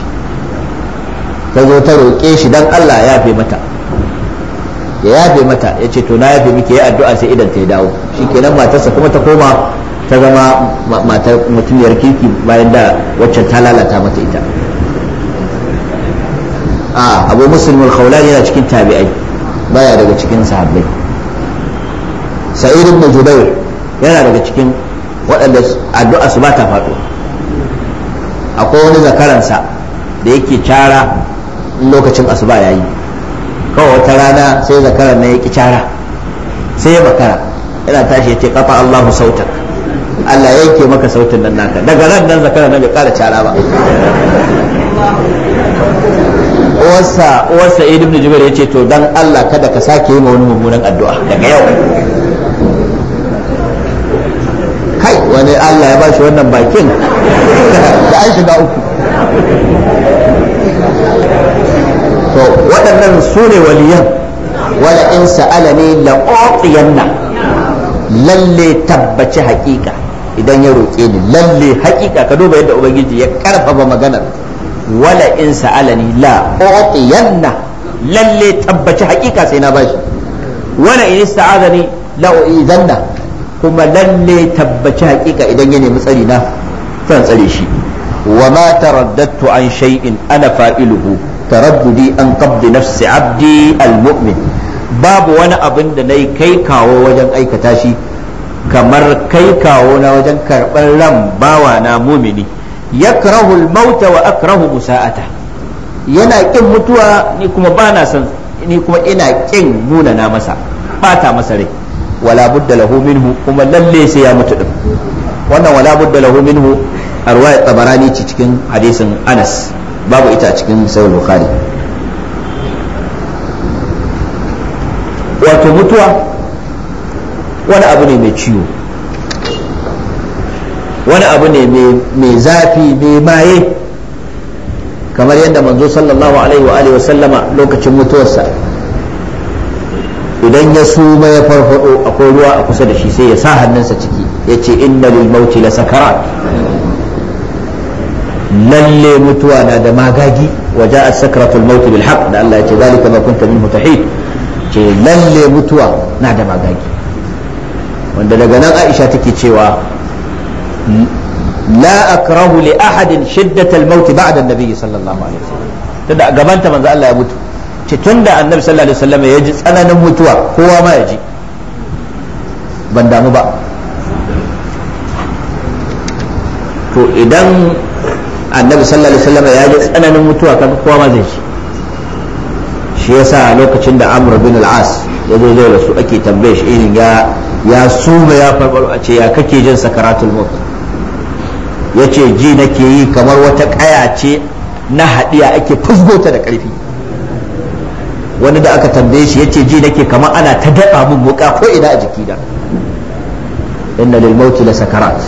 ta zo ta roƙe shi dan Allah ya yafe mata ya yafe mata ya ce to na yafe miki ya addu'a sai idan ta ya dawo nan matarsa kuma ta koma ta zama matar mutumiyar kirki bayan da waccan ta lalata mata ita a abu muslim al-khawlan yana cikin tabi'ai baya daga cikin sahabbai sa'id ibn jubair yana daga cikin waɗanda addu'a su ba ta faɗo akwai wani zakaransa da yake cara lokacin asuba yayi kawai wata rana sai zakaran nan yake cara sai ya makara yana tashi ya ce kafa Allahu sautak Allah yanke maka sautin nan naka daga ran nan zakaran nan bai kara cara ba uwarsa uwarsa Idi ibn Jubair ce to dan Allah kada ka sake yi ma wani mummunan addu'a daga yau kai wani Allah ya ba shi wannan bakin an shiga uku to waɗannan su ne waliyan wala in sa'alani la utiyanna lalle tabbaci haƙiƙa idan ya roƙe ni lalle haƙiƙa ka duba yadda ubangiji ya karfafa maganar wala in sa'alani la utiyanna lalle tabbaci haƙiƙa sai na bashi wala in sa'adani la uizanna kuma lalle tabbaci haƙiƙa idan ya nemi tsari na zan tsare shi wa ma taraddadtu an shay'in ana fa'iluhu taraddudi an qabdi nafsi abdi almu'min babu wani abin da nayi kai kawo wajen aikata shi kamar kai kawo na wajen karɓar ran bawa na mumini yakrahu almauta wa akrahu musa'ata yana ƙin mutuwa ni kuma ba na ni kuma ina ƙin munana masa bata masa rai wala budda lahu minhu kuma lalle sai ya mutu din wannan wala budda lahu minhu a ruwayar tabarani ce cikin hadisin anas babu ita cikin sahih bukhari wato mutuwa wani abu ne mai ciwo wani abu ne mai zafi mai maye kamar yadda manzo sallallahu alaihi wa sallama lokacin mutuwarsa idan ya suma ya farfado akwai ruwa a kusa da shi sai ya sa hannunsa ciki ya ce inna lil mauti la sakarat lalle mutuwa na da magagi waje a sakratul maut bil haqq da Allah ya ce zalika ma kunta minhu tahid ce lalle mutuwa na da magagi wanda daga nan Aisha take cewa la akrahu li ahadin shiddatal maut ba'da an-nabi sallallahu alaihi wasallam tunda a gabanta manzo Allah ya mutu ce tunda annabi sallallahu alaihi wasallam ya ji tsananin mutuwa kowa ma ya ji ban damu ba to idan annabi sallallahu alaihi wasallam ya ji tsananin mutuwa kaga kowa ma zai ci shi yasa lokacin da amr bin al-as ya zo zai rasu ake tambaye shi irin eh, ya ya suma ya farfaro a ce ya kake jin sakaratul maut yace ji nake yi kamar wata kaya ce na hadiya ake fusgota da karfi wani da aka tambaye shi yace ji nake kamar ana ta daba min wuka ko ina a jikina inna lil mauti la sakarat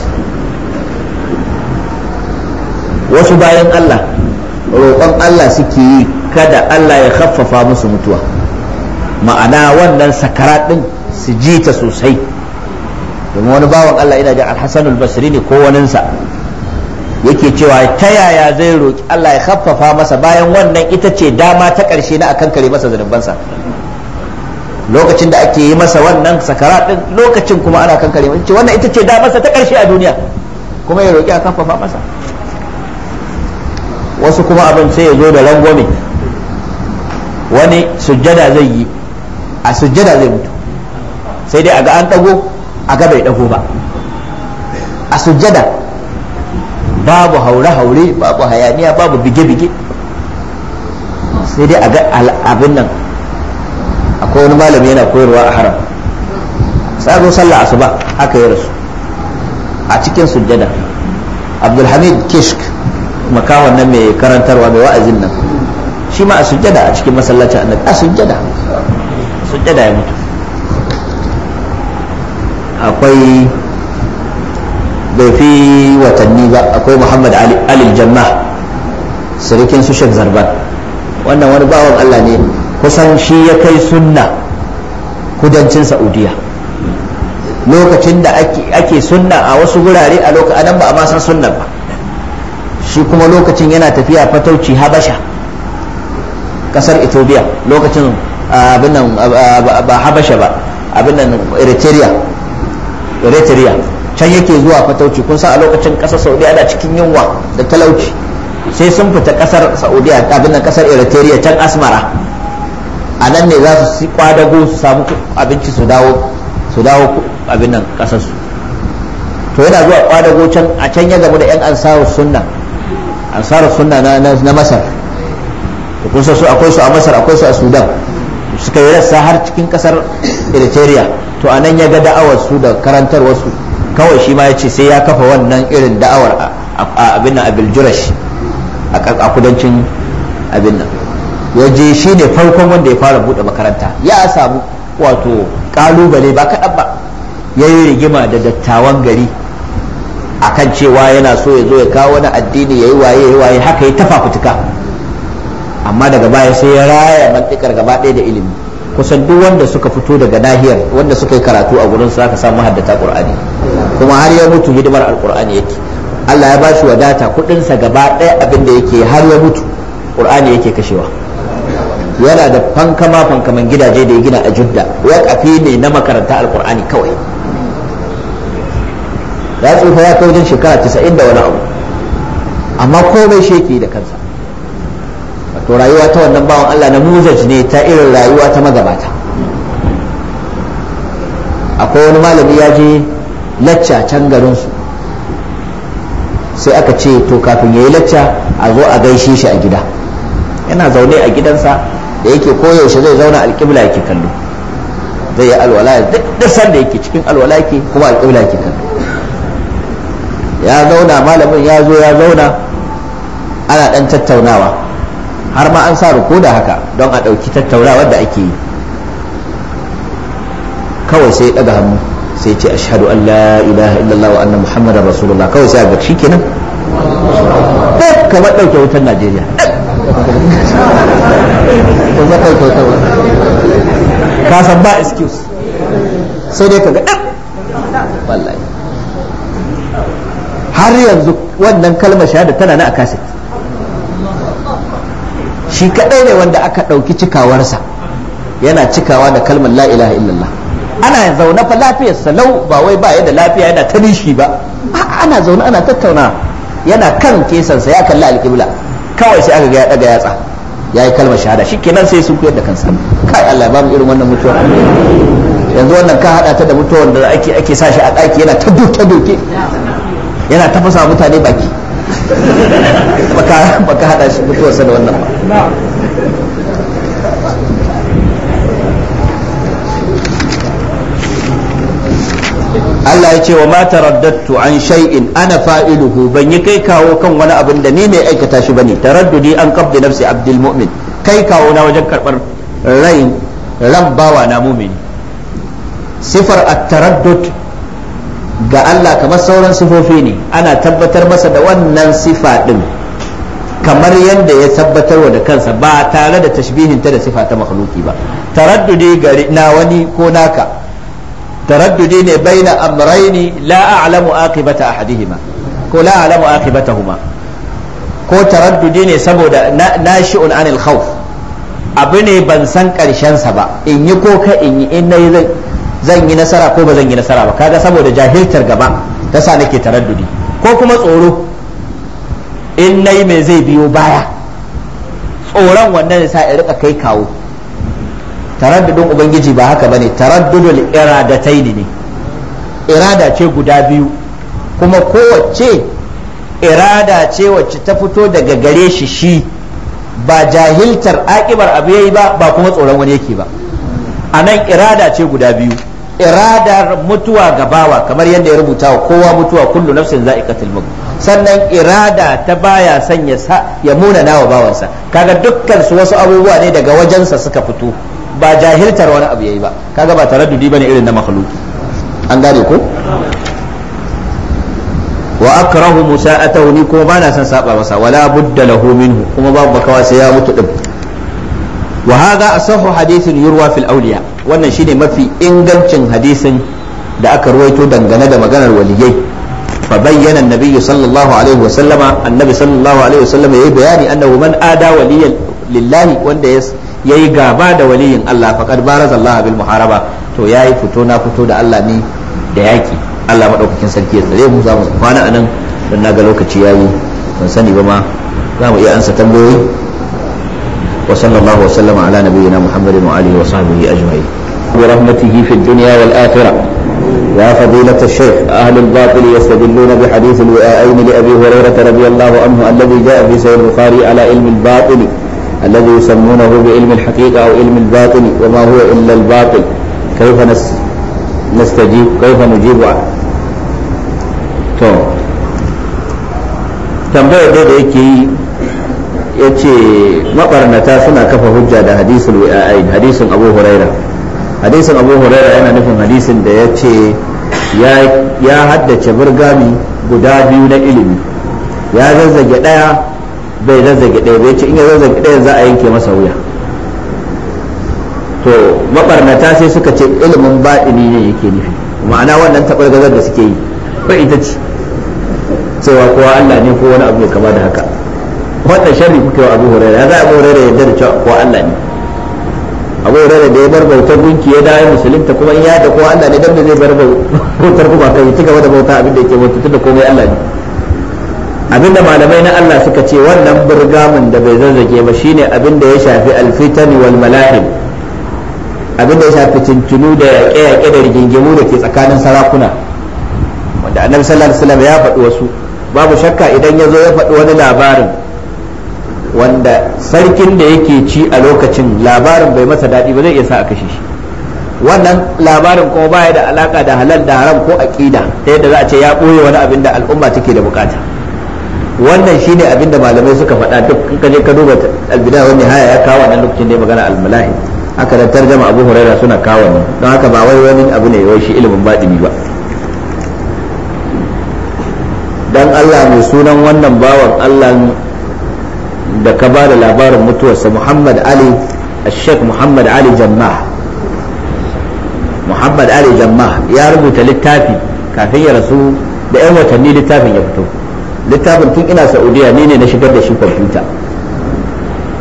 wasu bayan Allah roƙon Allah suke yi kada Allah ya khaffafa musu mutuwa ma'ana wannan sakarat su ji ta sosai domin wani bawan Allah ina ji alhassanul basri ne ko waninsa yake cewa ta yaya zai roƙi Allah ya khaffafa masa bayan wannan ita ce dama ta ƙarshe na akan kare masa zunubansa? lokacin da ake yi masa wannan sakarat lokacin kuma ana kankare masa wannan ita ce dama ta ƙarshe a duniya kuma ya roƙi a khaffafa masa wasu kuma abin sai ya zo da rangwame wani sujjada zai yi a sujjada zai mutu sai dai a ga an dago a ga bai dago ba a sujjada babu haure-haure babu hayaniya babu bige-bige sai dai a ga abin nan akwai wani malami yana koyarwa a haram sai sallah asuba haka yi rasu a cikin sujjada abdulhamid kishk makawan nan mai karantarwa mai wa'azin nan shi ma a sujjada a cikin masallacin annabi a sujjada sujjada ya mutu akwai bai fi watanni ba akwai muhammad alil jama'a sirikin su shek zarban wannan wani bawan allah ne kusan shi ya kai sunna kudancin saudiya lokacin da ake sunna a wasu gurare a lokacin ba a ma san sunna ba shi kuma lokacin yana tafiya fatauci habasha kasar ethiopia lokacin ah, abin nan ah, ba habasha ba abin nan eritrea eritrea can yake zuwa fatauci kun san a lokacin kasar saudi da cikin yunwa da talauci sai sun fita kasar saudiya abin nan kasar eritrea can asmara a nan ne za su si kwadago su samu abinci su dawo su dawo abin nan su to yana zuwa kwadago can a can ya gamu da yan ansarar sunna ansar sunna na masar kusa su akwai su a masar akwai su a sudan suka yi rassa har cikin kasar eritrea to anan ya ga da'awar su da karantar wasu kawai shi ma ya sai ya kafa wannan irin da'awar a abin nan abil jurash a kudancin abin nan waje shi ne farkon wanda ya fara buɗe makaranta ya samu wato kalubale ba kaɗan ba ya yi rigima da dattawan gari akan cewa yana so ya zo ya kawo wani addini ya yi waye ya waye haka ya tafa fituka amma daga baya sai ya raya mantikar gaba ɗaya da ilimi kusan duk wanda suka fito daga nahiyar wanda suka yi karatu a gurin sa samu haddata qur'ani kuma har ya mutu hidimar alqur'ani yake Allah ya bashi wadata kudin sa gaba ɗaya abin da yake har ya mutu qur'ani yake kashewa yana da fankama fankaman gidaje da ya gina a judda wakafi ne na makaranta alqur'ani kawai ya tsufa ya kawo wajen shekara tisa'in da wani abu amma komai sheki da kansa wato rayuwa ta wannan bawan Allah na muzaj ne ta irin rayuwa ta magabata akwai wani malami ya je lacca can garinsu sai aka ce to kafin ya yi lacca a zo a gaishe shi a gida yana zaune a gidansa da yake koyaushe zai zauna alƙibla yake kallo zai yi alwala duk da sanda yake cikin alwala yake kuma alƙibla yake kallo ya zauna malamin ya zo ya zauna ana dan tattaunawa har ma an sa ruku da haka don a ɗauki tattaunawar da ake yi kawai sai ɗaga hannu sai ce ashhadu an la ilaha illallah wa anna muhammadar rasulullah kawai sai a ga shi kenan duk kamar ɗauke wutar najeriya ka san ba excuse sai dai ka ga ɗan wallahi har yanzu wannan kalmar shahada tana na a kaset shi kadai ne wanda aka ɗauki cikawarsa yana cikawa da kalmar la ilaha illallah ana zaune fa lafiyar salau ba wai ba yadda lafiya yana ta nishi ba ana zaune ana tattauna yana kan kesansa ya kalli alƙibla kawai sai aka ga ya daga yatsa ya yi kalmar shahada shi kenan sai sun koyar da kansa kai Allah ba mu irin wannan mutuwa yanzu wannan ka hada ta da mutuwar da ake ake sa shi a ɗaki yana ta duke duke yana tafasa mutane baki baka hada shi mutuwarsa da wannan ba Allah ya ce wa mata raddattu an shay'in ana fa'iluhu ban yi kai kawo kan wani abin da ni mai aikata shi bane taraddudi an qabdi nafsi abdul mu'min kai kawo na wajen karɓar rai ran bawa na mu'mini sifar at-taraddud ga Allah kamar sauran sifofi ne ana tabbatar masa da wannan sifa din kamar yadda ya tabbatarwa da kansa ba tare da tashbihinta da sifa ta makhluki ba taraddudi gari na wani ko naka taraddudi ne baina amraini la a'lamu aqibata ahadihima ko la a'lamu aqibatahuma ko taraddudi ne saboda nashi'un anil khawf abu ne ban san karshen sa ba in yi ko ka in yi in nayi zan yi nasara ko ba zan yi nasara ba kaga saboda jahiltar gaba ta sa nake taraddudi ko kuma tsoro in nayi me zai biyo baya tsoron wannan sa in rika kai kawo taraddudin ubangiji ba haka bane taraddudul iradataini ne irada ce guda biyu kuma kowace irada ce wacce ta fito daga gare shi shi ba jahiltar akibar abu yayi ba ba kuma tsoron wani yake ba anan irada ce guda biyu iradar mutuwa ga bawa kamar yadda ya rubuta wa kowa mutuwa kullu nafsin za'iqatul maut sannan irada ta baya son ya muna nawa bawansa kaga dukkan su wasu abubuwa ne daga wajensa suka fito ba jahiltar wani abu yayi ba kaga ba taraddudi bane irin na makhluki an gane ko wa akrahu musa'atahu ni kuma bana son saba masa wala budda lahu minhu kuma babu bakawa sai ya mutu din wa hadha asahu hadithun yurwa fil awliya wannan shine mafi ingancin hadisin da aka ruwaito dangane da maganar waliyai fa bayyana annabi sallallahu alaihi wasallama annabi sallallahu alaihi wasallama yayi bayani annahu man ada waliyan lillahi wanda yayi gaba da waliyin Allah faqad baraza Allah bil muharaba to yayi fito na fito da Allah ne da yaki Allah madaukakin sarki ya tsare mu za mu kwana anan dan naga lokaci yayi ban sani ba ma za mu iya ansa tambayoyi وصلى الله وسلم على نبينا محمد وآله وصحبه أجمعين برحمته في الدنيا والآخرة يا فضيلة الشيخ أهل الباطل يستدلون بحديث الوئائين لأبي هريرة رضي الله عنه الذي جاء في سير البخاري على علم الباطل الذي يسمونه بعلم الحقيقة أو علم الباطل وما هو إلا الباطل كيف نستجيب كيف نجيب عنه tambayar da da yake yi ya ce maɓarnata suna kafa hujja da hadisul wi'a'ain hadisin abu huraira hadisin abu huraira yana nufin hadisin da ya ce ya haddace burgami guda biyu na ilimi ya zazzage daya bai zazzage daya bai ce in ya zazzage daya za a yanke masa wuya to mabarnata sai suka ce ilimin baɗini ne yake nufi ma'ana wannan gazar da suke yi ba ita ce cewa kowa Allah ne ko wani abu mai kama da haka wannan sharri kuke wa abu huraira ya za abu huraira ya yarda da cewa kowa Allah ne abu rana da ya bar bautar gunki ya dawo musulunta kuma ya da ko Allah ne dan da zai bar bautar kuma kai yi gaba da bauta abin da yake bauta tunda komai Allah ne abin da malamai na Allah suka ce wannan burgamin da bai zazzage ba shine abin da ya shafi alfitani wal malahim abin da ya shafi tuntunu da yaƙe-yaƙe da rigingimu da ke tsakanin sarakuna wanda annabi sallallahu alaihi wasallam ya faɗi wasu babu shakka idan ya zo ya faɗi wani labarin wanda sarkin da yake ci a lokacin labarin bai masa daɗi ba zai iya sa a kashe shi wannan labarin kuma baya da alaka da halal da haram ko aqida ta yadda za a ce ya ɓoye wani abin da al'umma take da bukata wannan shine abin da malamai suka faɗa duk in ka je ka duba albina wani haya ya kawo wannan lokacin da ya magana almalahi haka da tarjama abu huraira suna kawo ne don haka ba wai wani abu ne wai shi ilimin baɗini ba dan Allah mai sunan wannan bawan Allah da ka ba da labarin mutuwarsa muhammad ali sheikh muhammad ali jammah muhammad ali jammah ya rubuta littafi kafin ya rasu da 'yan watanni littafin ya fito littafin tun ina saudiya ne ne na shigar da shi kwamfuta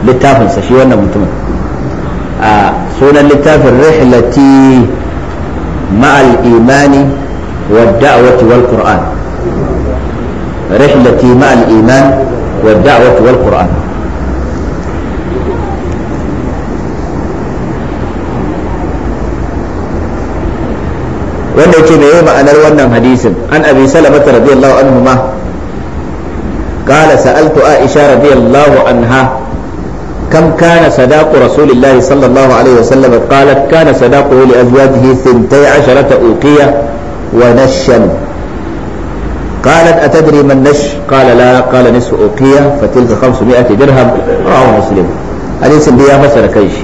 littafinsa shi wannan mutumin a sunan littafin rihlati ma'al imani wa da'awati wal qur'an rihlati ma'al iman wa da'awati wal qur'an wanda yake mai yi ma'anar wannan hadisin an abi salama radiyallahu anhu ma kala sa'altu aisha radiyallahu anha kam kana sadaqu rasulullah sallallahu alaihi wasallam qalat kana sadaqu li azwajihi 12 uqiya wa nashan قالت أتدري من نش قال لا قال نصف أوقية فتلك خمسمائة درهم رواه مسلم هذه سنبيا مسر كيش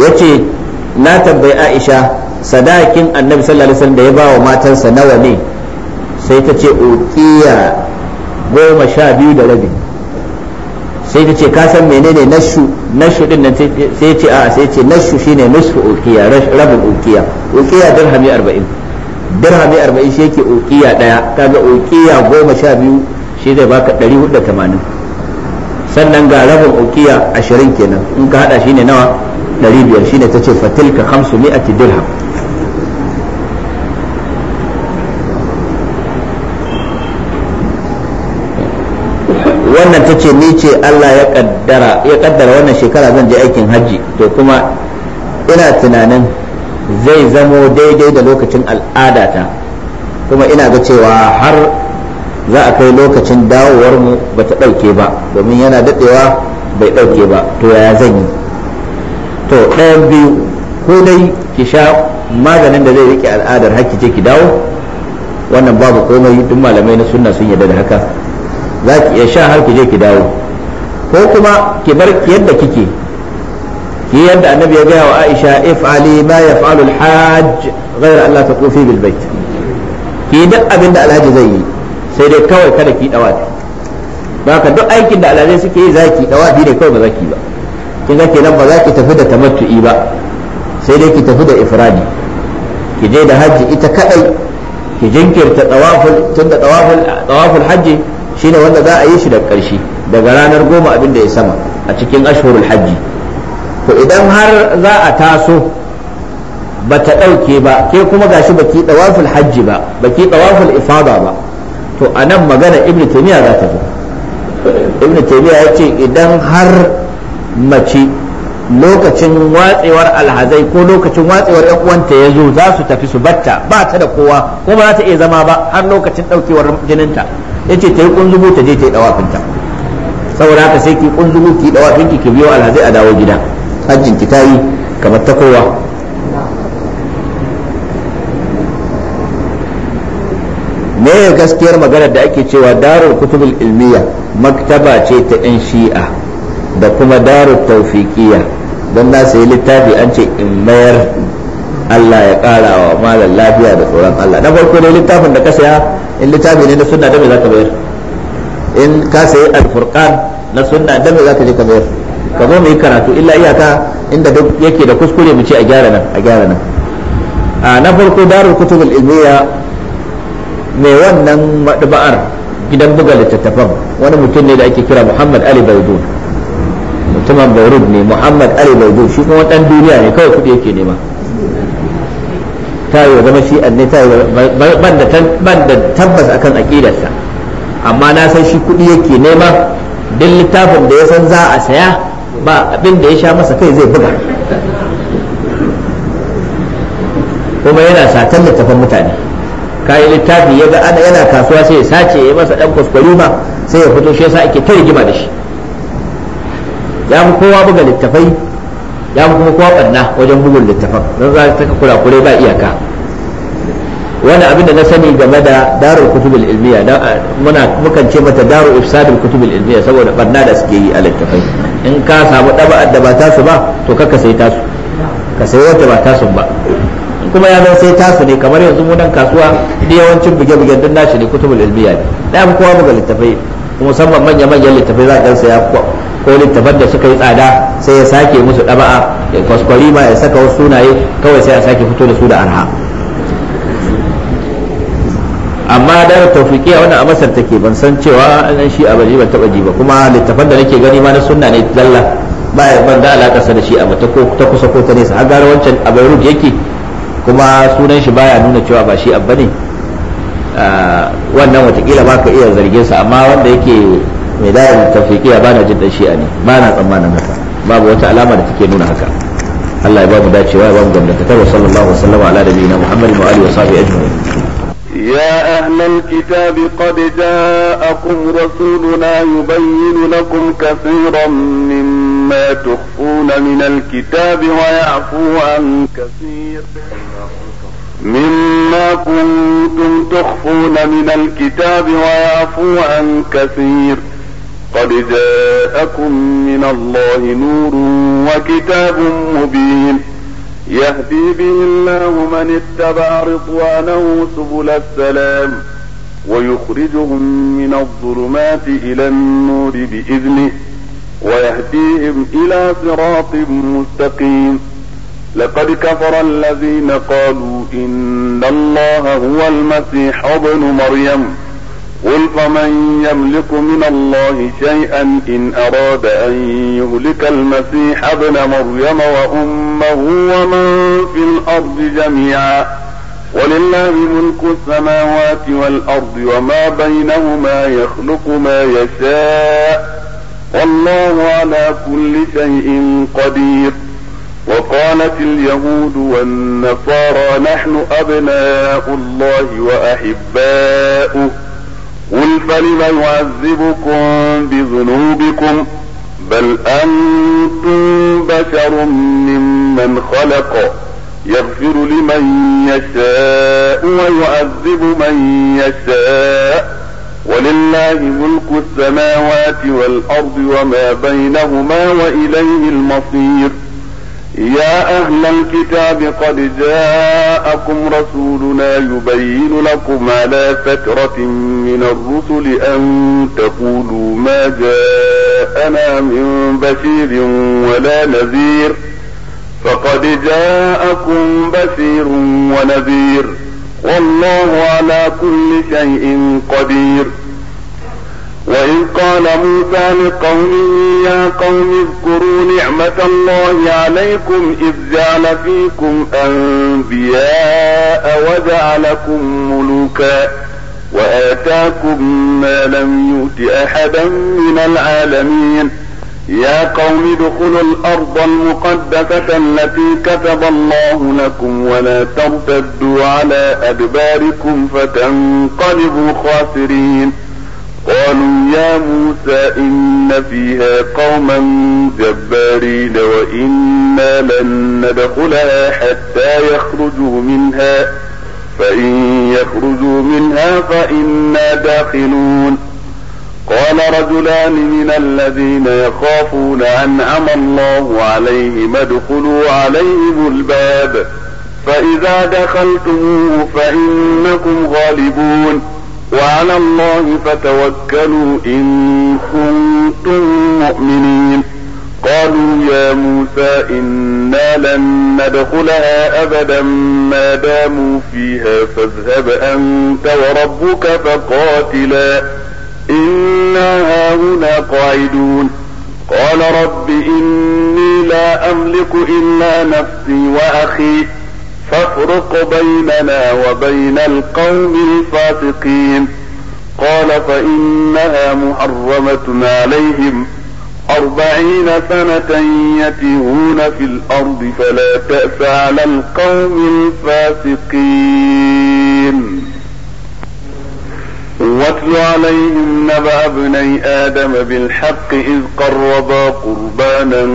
يتي لا تبي عائشة sadakin annabi sallallahu alaihi wasallam da ya ba wa matansa nawa ne sai ta ce uqiya goma sha biyu da rabi sai ta ce ka san menene nashu nashu din nan sai ce a sai ce nashu shine nusfu uqiya rabin uqiya uqiya dirhami 40 dirhami 40 shi yake uqiya daya kaga uqiya goma sha biyu shi zai baka 480 sannan ga rabin uqiya 20 kenan in ka hada shine nawa 500 shine tace fatilka 500 dirham ce ni ce Allah ya kaddara ya kaddara wannan shekara zan je aikin hajji to kuma ina tunanin zai zamo daidai da lokacin al'adata kuma ina ga cewa har za a kai lokacin dawowar mu ba ta ɗauke ba domin yana daɗewa bai ɗauke ba to yaya zan yi to ɗayan biyu ko dai ki sha maganin da zai rike al'adar hakki ce ki dawo wannan babu komai duk malamai na sunna sun yarda da haka za ki iya sha har ki je ki dawo ko kuma ki bar yadda kike ki yadda annabi ya gaya wa Aisha if'ali ma yaf'alu al-hajj ghayra an la taqufi bil bait ki duk abin da alhaji zai yi sai dai kawai kada ki dawafi baka duk aikin da alhaji suke yi zaki dawafi ne kawai ba zaki ba kin ga kenan ba za ki tafi da tamattu'i ba sai dai ki tafi da ifradi ki je da hajji ita kadai ki jinkirta tawaful tunda tawaful tawaful hajji shine wanda za a yi shi da ƙarshe daga ranar goma abin da ya sama a cikin ashurul hajji to idan har za a taso ba ta ɗauke ba ke kuma gashi baki ɗawaful hajji ba baki ɗawaful ifada ba to a nan magana ibn taymiya za ta zo ibn taymiya ya ce idan har mace lokacin watsewar alhazai ko lokacin watsewar yan uwanta ya zo za su tafi su batta ba ta da kowa ko ba za ta iya zama ba har lokacin ɗaukewar jininta yace ta yi kunzugu ta je ta yi dawafin saboda haka sai ki kunzugu ki dawafin ki biyo alhazai a dawo gida hajjin ki yi kamar ta kowa me gaskiyar maganar da ake cewa darul kutubul ilmiya maktaba ce ta yan shi'a da kuma darul taufiqiyya don na sayi littafi an ce in mayar Allah ya ƙara wa malam lafiya da tsoron Allah na farko dai littafin da ka saya in littafi ne na sunna da me zaka bayar in ka sayi alfurqan na sunna da me zaka je ka bayar ka zo mu yi karatu illa iyaka inda duk yake da kuskure mu ce a gyara nan a gyara nan a na farko darul kutubul ilmiya me wannan madba'ar gidan buga littattafan wani mutum ne da ake kira Muhammad Ali Baidun mutumin Beirut ne Muhammad Ali Baidun shi kuma dan duniya ne kawai kudi yake nema tayo zama shi ne tayo ban da tabbas akan aqidarsa amma na san shi kuɗi yake nema duk littafin da ya san za a saya ba abin da ya sha masa kai zai buga kuma yana satan littafin mutane kayan littafi ya ga ana yana kasuwa sai ya sace ya masa dan kuskure ba sai ya fito shi yasa ake ta rigima da shi ya fi kowa buga littafai ya kuma kowa barna wajen bugun littafan don za ta kurakurai ba iyaka wani abin da na sani game da darul kutubul ilmiya muna mukan ce mata daru ifsadul kutubul ilmiya saboda barna da suke yi a littafai in ka samu ɗaba'ar da ba tasu ba to ka ka sai tasu ka sai wata ba tasu ba kuma ya zan sai tasu ne kamar yanzu mu nan kasuwa da yawancin buge-bugen duk nashi ne kutubul ilmiya ne mu kowa buga littafai musamman manya-manyan littafai za a gansa ya ko littafan da suka yi tsada sai ya sake musu ɗaba'a ya kwaskwari ma ya saka wasu sunaye kawai sai a sake fito da su da arha amma da tawfiqiya wannan a masar take ban san cewa an shi a bari ban taba ji ba kuma littafan da nake gani ma na sunna ne dalla ba ya ban da sa da shi a mata ta kusa ko ta nesa har gara wancan a Beirut yake kuma sunan shi baya nuna cewa ba shi abba ne ah, wannan watakila ba ka iya zargin sa amma wanda yake mai tafiki tawfiqiya bana jin dan a ne bana tsammanin haka babu wata alama da take nuna haka Allah ya bamu dacewa ya bamu mu gamdakatar wa sallallahu alaihi wa sallam ala nabiyina Muhammadin wa alihi wa sahbihi ajma'in يا أهل الكتاب قد جاءكم رسولنا يبين لكم كثيرا مما تخفون من الكتاب ويعفو عن كثير مما كنتم تخفون من الكتاب ويعفو عن كثير قد جاءكم من الله نور وكتاب مبين يهدي به الله من اتبع رضوانه سبل السلام ويخرجهم من الظلمات إلى النور بإذنه ويهديهم إلى صراط مستقيم لقد كفر الذين قالوا إن الله هو المسيح ابن مريم قل فمن يملك من الله شيئا إن أراد أن يهلك المسيح ابن مريم وأمه ومن في الأرض جميعا ولله ملك السماوات والأرض وما بينهما يخلق ما يشاء والله على كل شيء قدير وقالت اليهود والنصارى نحن أبناء الله وأحباؤه قل فلم يعذبكم بذنوبكم بل أنتم بشر ممن خلق يغفر لمن يشاء ويعذب من يشاء ولله ملك السماوات والأرض وما بينهما وإليه المصير يا أهل الكتاب قد جاءكم رسولنا يبين لكم على فترة من الرسل أن تقولوا ما جاءنا من بشير ولا نذير فقد جاءكم بشير ونذير والله على كل شيء قدير وإذ قال موسى لقومه يا قوم اذكروا نعمة الله عليكم إذ جعل فيكم أنبياء وجعلكم ملوكا وآتاكم ما لم يؤت أحدا من العالمين يا قوم ادخلوا الأرض المقدسة التي كتب الله لكم ولا ترتدوا على أدباركم فتنقلبوا خاسرين قالوا يا موسى إن فيها قوما جبارين وإنا لن ندخلها حتى يخرجوا منها فإن يخرجوا منها فإنا داخلون قال رجلان من الذين يخافون أنعم الله عليهم ادخلوا عليهم الباب فإذا دخلتموه فإنكم غالبون وعلى الله فتوكلوا إن كنتم مؤمنين قالوا يا موسى إنا لن ندخلها أبدا ما داموا فيها فاذهب أنت وربك فقاتلا إنا هاهنا قاعدون قال رب إني لا أملك إلا نفسي وأخي تفرق بيننا وبين القوم الفاسقين قال فإنها محرمة عليهم أربعين سنة يتيهون في الأرض فلا تأس على القوم الفاسقين واتل عليهم نبأ ابني آدم بالحق إذ قربا قربانا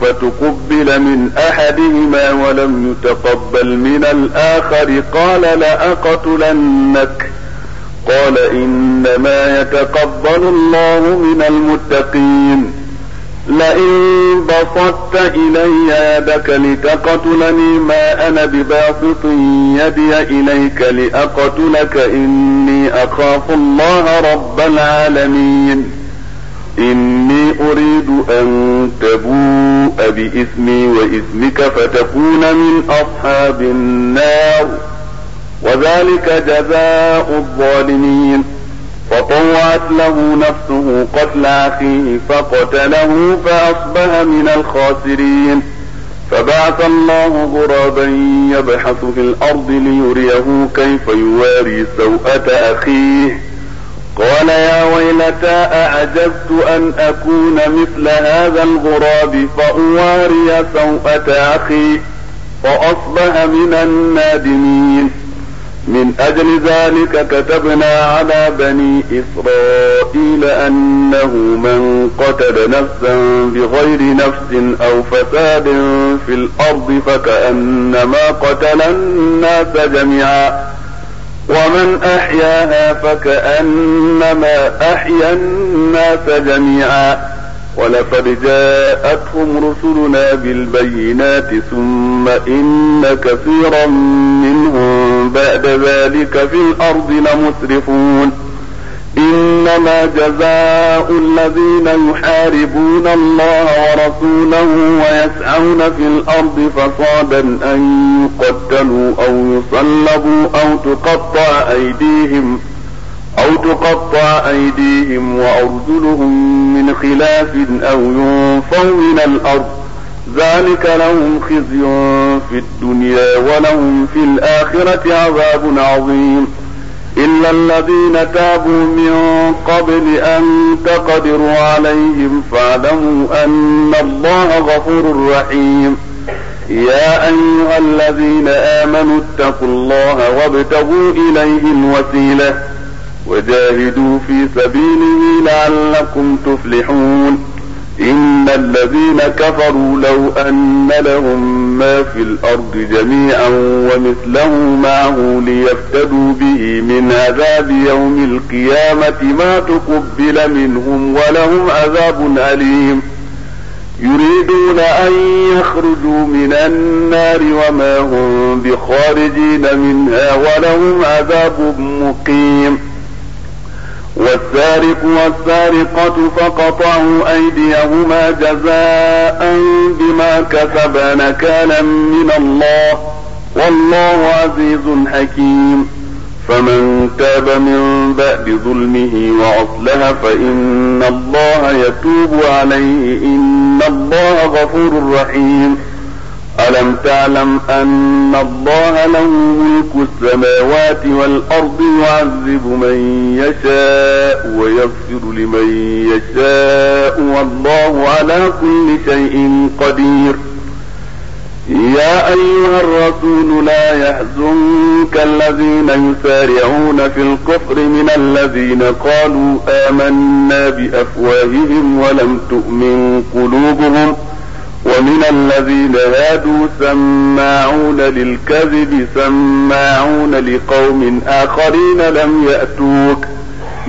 فتقبل من أحدهما ولم يتقبل من الآخر قال لأقتلنك قال إنما يتقبل الله من المتقين لئن بسطت إلي يدك لتقتلني ما أنا بباسط يدي إليك لأقتلك إني أخاف الله رب العالمين إني أريد أن تبوء بإثمي وإثمك فتكون من أصحاب النار وذلك جزاء الظالمين فطوعت له نفسه قتل أخيه فقتله فأصبح من الخاسرين فبعث الله غرابا يبحث في الأرض ليريه كيف يواري سوءة أخيه قال يا ويلتى أعجبت أن أكون مثل هذا الغراب فأواري سوءة أخي فأصبح من النادمين من أجل ذلك كتبنا على بني إسرائيل أنه من قتل نفسا بغير نفس أو فساد في الأرض فكأنما قتل الناس جميعا ومن أحياها فكأنما أحيا الناس جميعا ولقد جاءتهم رسلنا بالبينات ثم إن كثيرا منهم بعد ذلك في الأرض لمسرفون إنما جزاء الذين يحاربون الله ورسوله ويسعون في الأرض فصادا أن يقتلوا أو يصلبوا أو تقطع أيديهم أو تقطع أيديهم وأرجلهم من خلاف أو ينفوا من الأرض ذلك لهم خزي في الدنيا ولهم في الآخرة عذاب عظيم إلا الذين تابوا من قبل أن تقدروا عليهم فاعلموا أن الله غفور رحيم يا أيها الذين آمنوا اتقوا الله وابتغوا إليه الوسيلة وجاهدوا في سبيله لعلكم تفلحون إن الذين كفروا لو أن لهم ما في الأرض جميعا ومثله معه ليفتدوا به من عذاب يوم القيامة ما تقبل منهم ولهم عذاب أليم يريدون أن يخرجوا من النار وما هم بخارجين منها ولهم عذاب مقيم والسارق والسارقة فقطعوا أيديهما جزاء بما كسبا نكالا من الله والله عزيز حكيم فمن تاب من بعد ظلمه وأصلح فإن الله يتوب عليه إن الله غفور رحيم ألم تعلم أن الله له ملك السماوات والأرض يعذب من يشاء ويغفر لمن يشاء والله على كل شيء قدير يا أيها الرسول لا يحزنك الذين يسارعون في الكفر من الذين قالوا آمنا بأفواههم ولم تؤمن قلوبهم ۖ ومن الذين هادوا سماعون للكذب سماعون لقوم آخرين لم يأتوك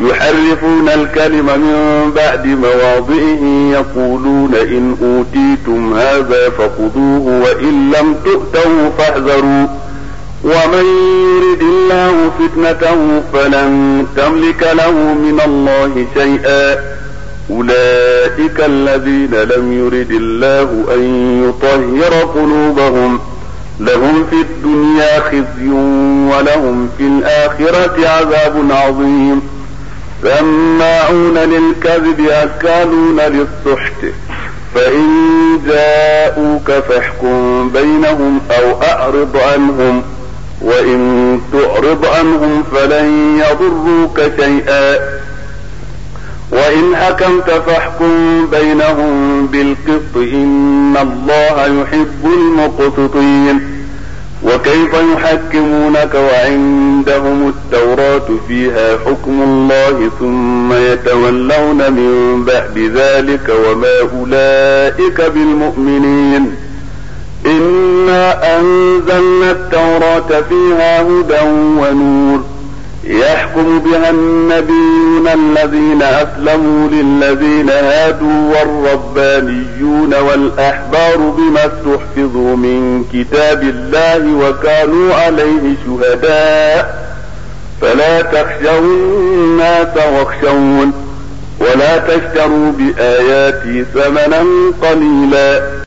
يحرفون الكلم من بعد مواضعه يقولون إن أوتيتم هذا فخذوه وإن لم تؤتوا فاحذروا ومن يرد الله فتنته فلن تملك له من الله شيئا أولئك الذين لم يرد الله أن يطهر قلوبهم لهم في الدنيا خزي ولهم في الآخرة عذاب عظيم سماعون للكذب أكالون للسحت فإن جاءوك فاحكم بينهم أو أعرض عنهم وإن تعرض عنهم فلن يضروك شيئا وإن حكمت فاحكم بينهم بالقسط إن الله يحب المقسطين وكيف يحكمونك وعندهم التوراة فيها حكم الله ثم يتولون من بعد ذلك وما أولئك بالمؤمنين إنا أنزلنا التوراة فيها هدى ونور يحكم بها النبيون الذين أسلموا للذين هادوا والربانيون والأحبار بما استحفظوا من كتاب الله وكانوا عليه شهداء فلا تخشوا الناس واخشون ولا تشتروا بآياتي ثمنا قليلا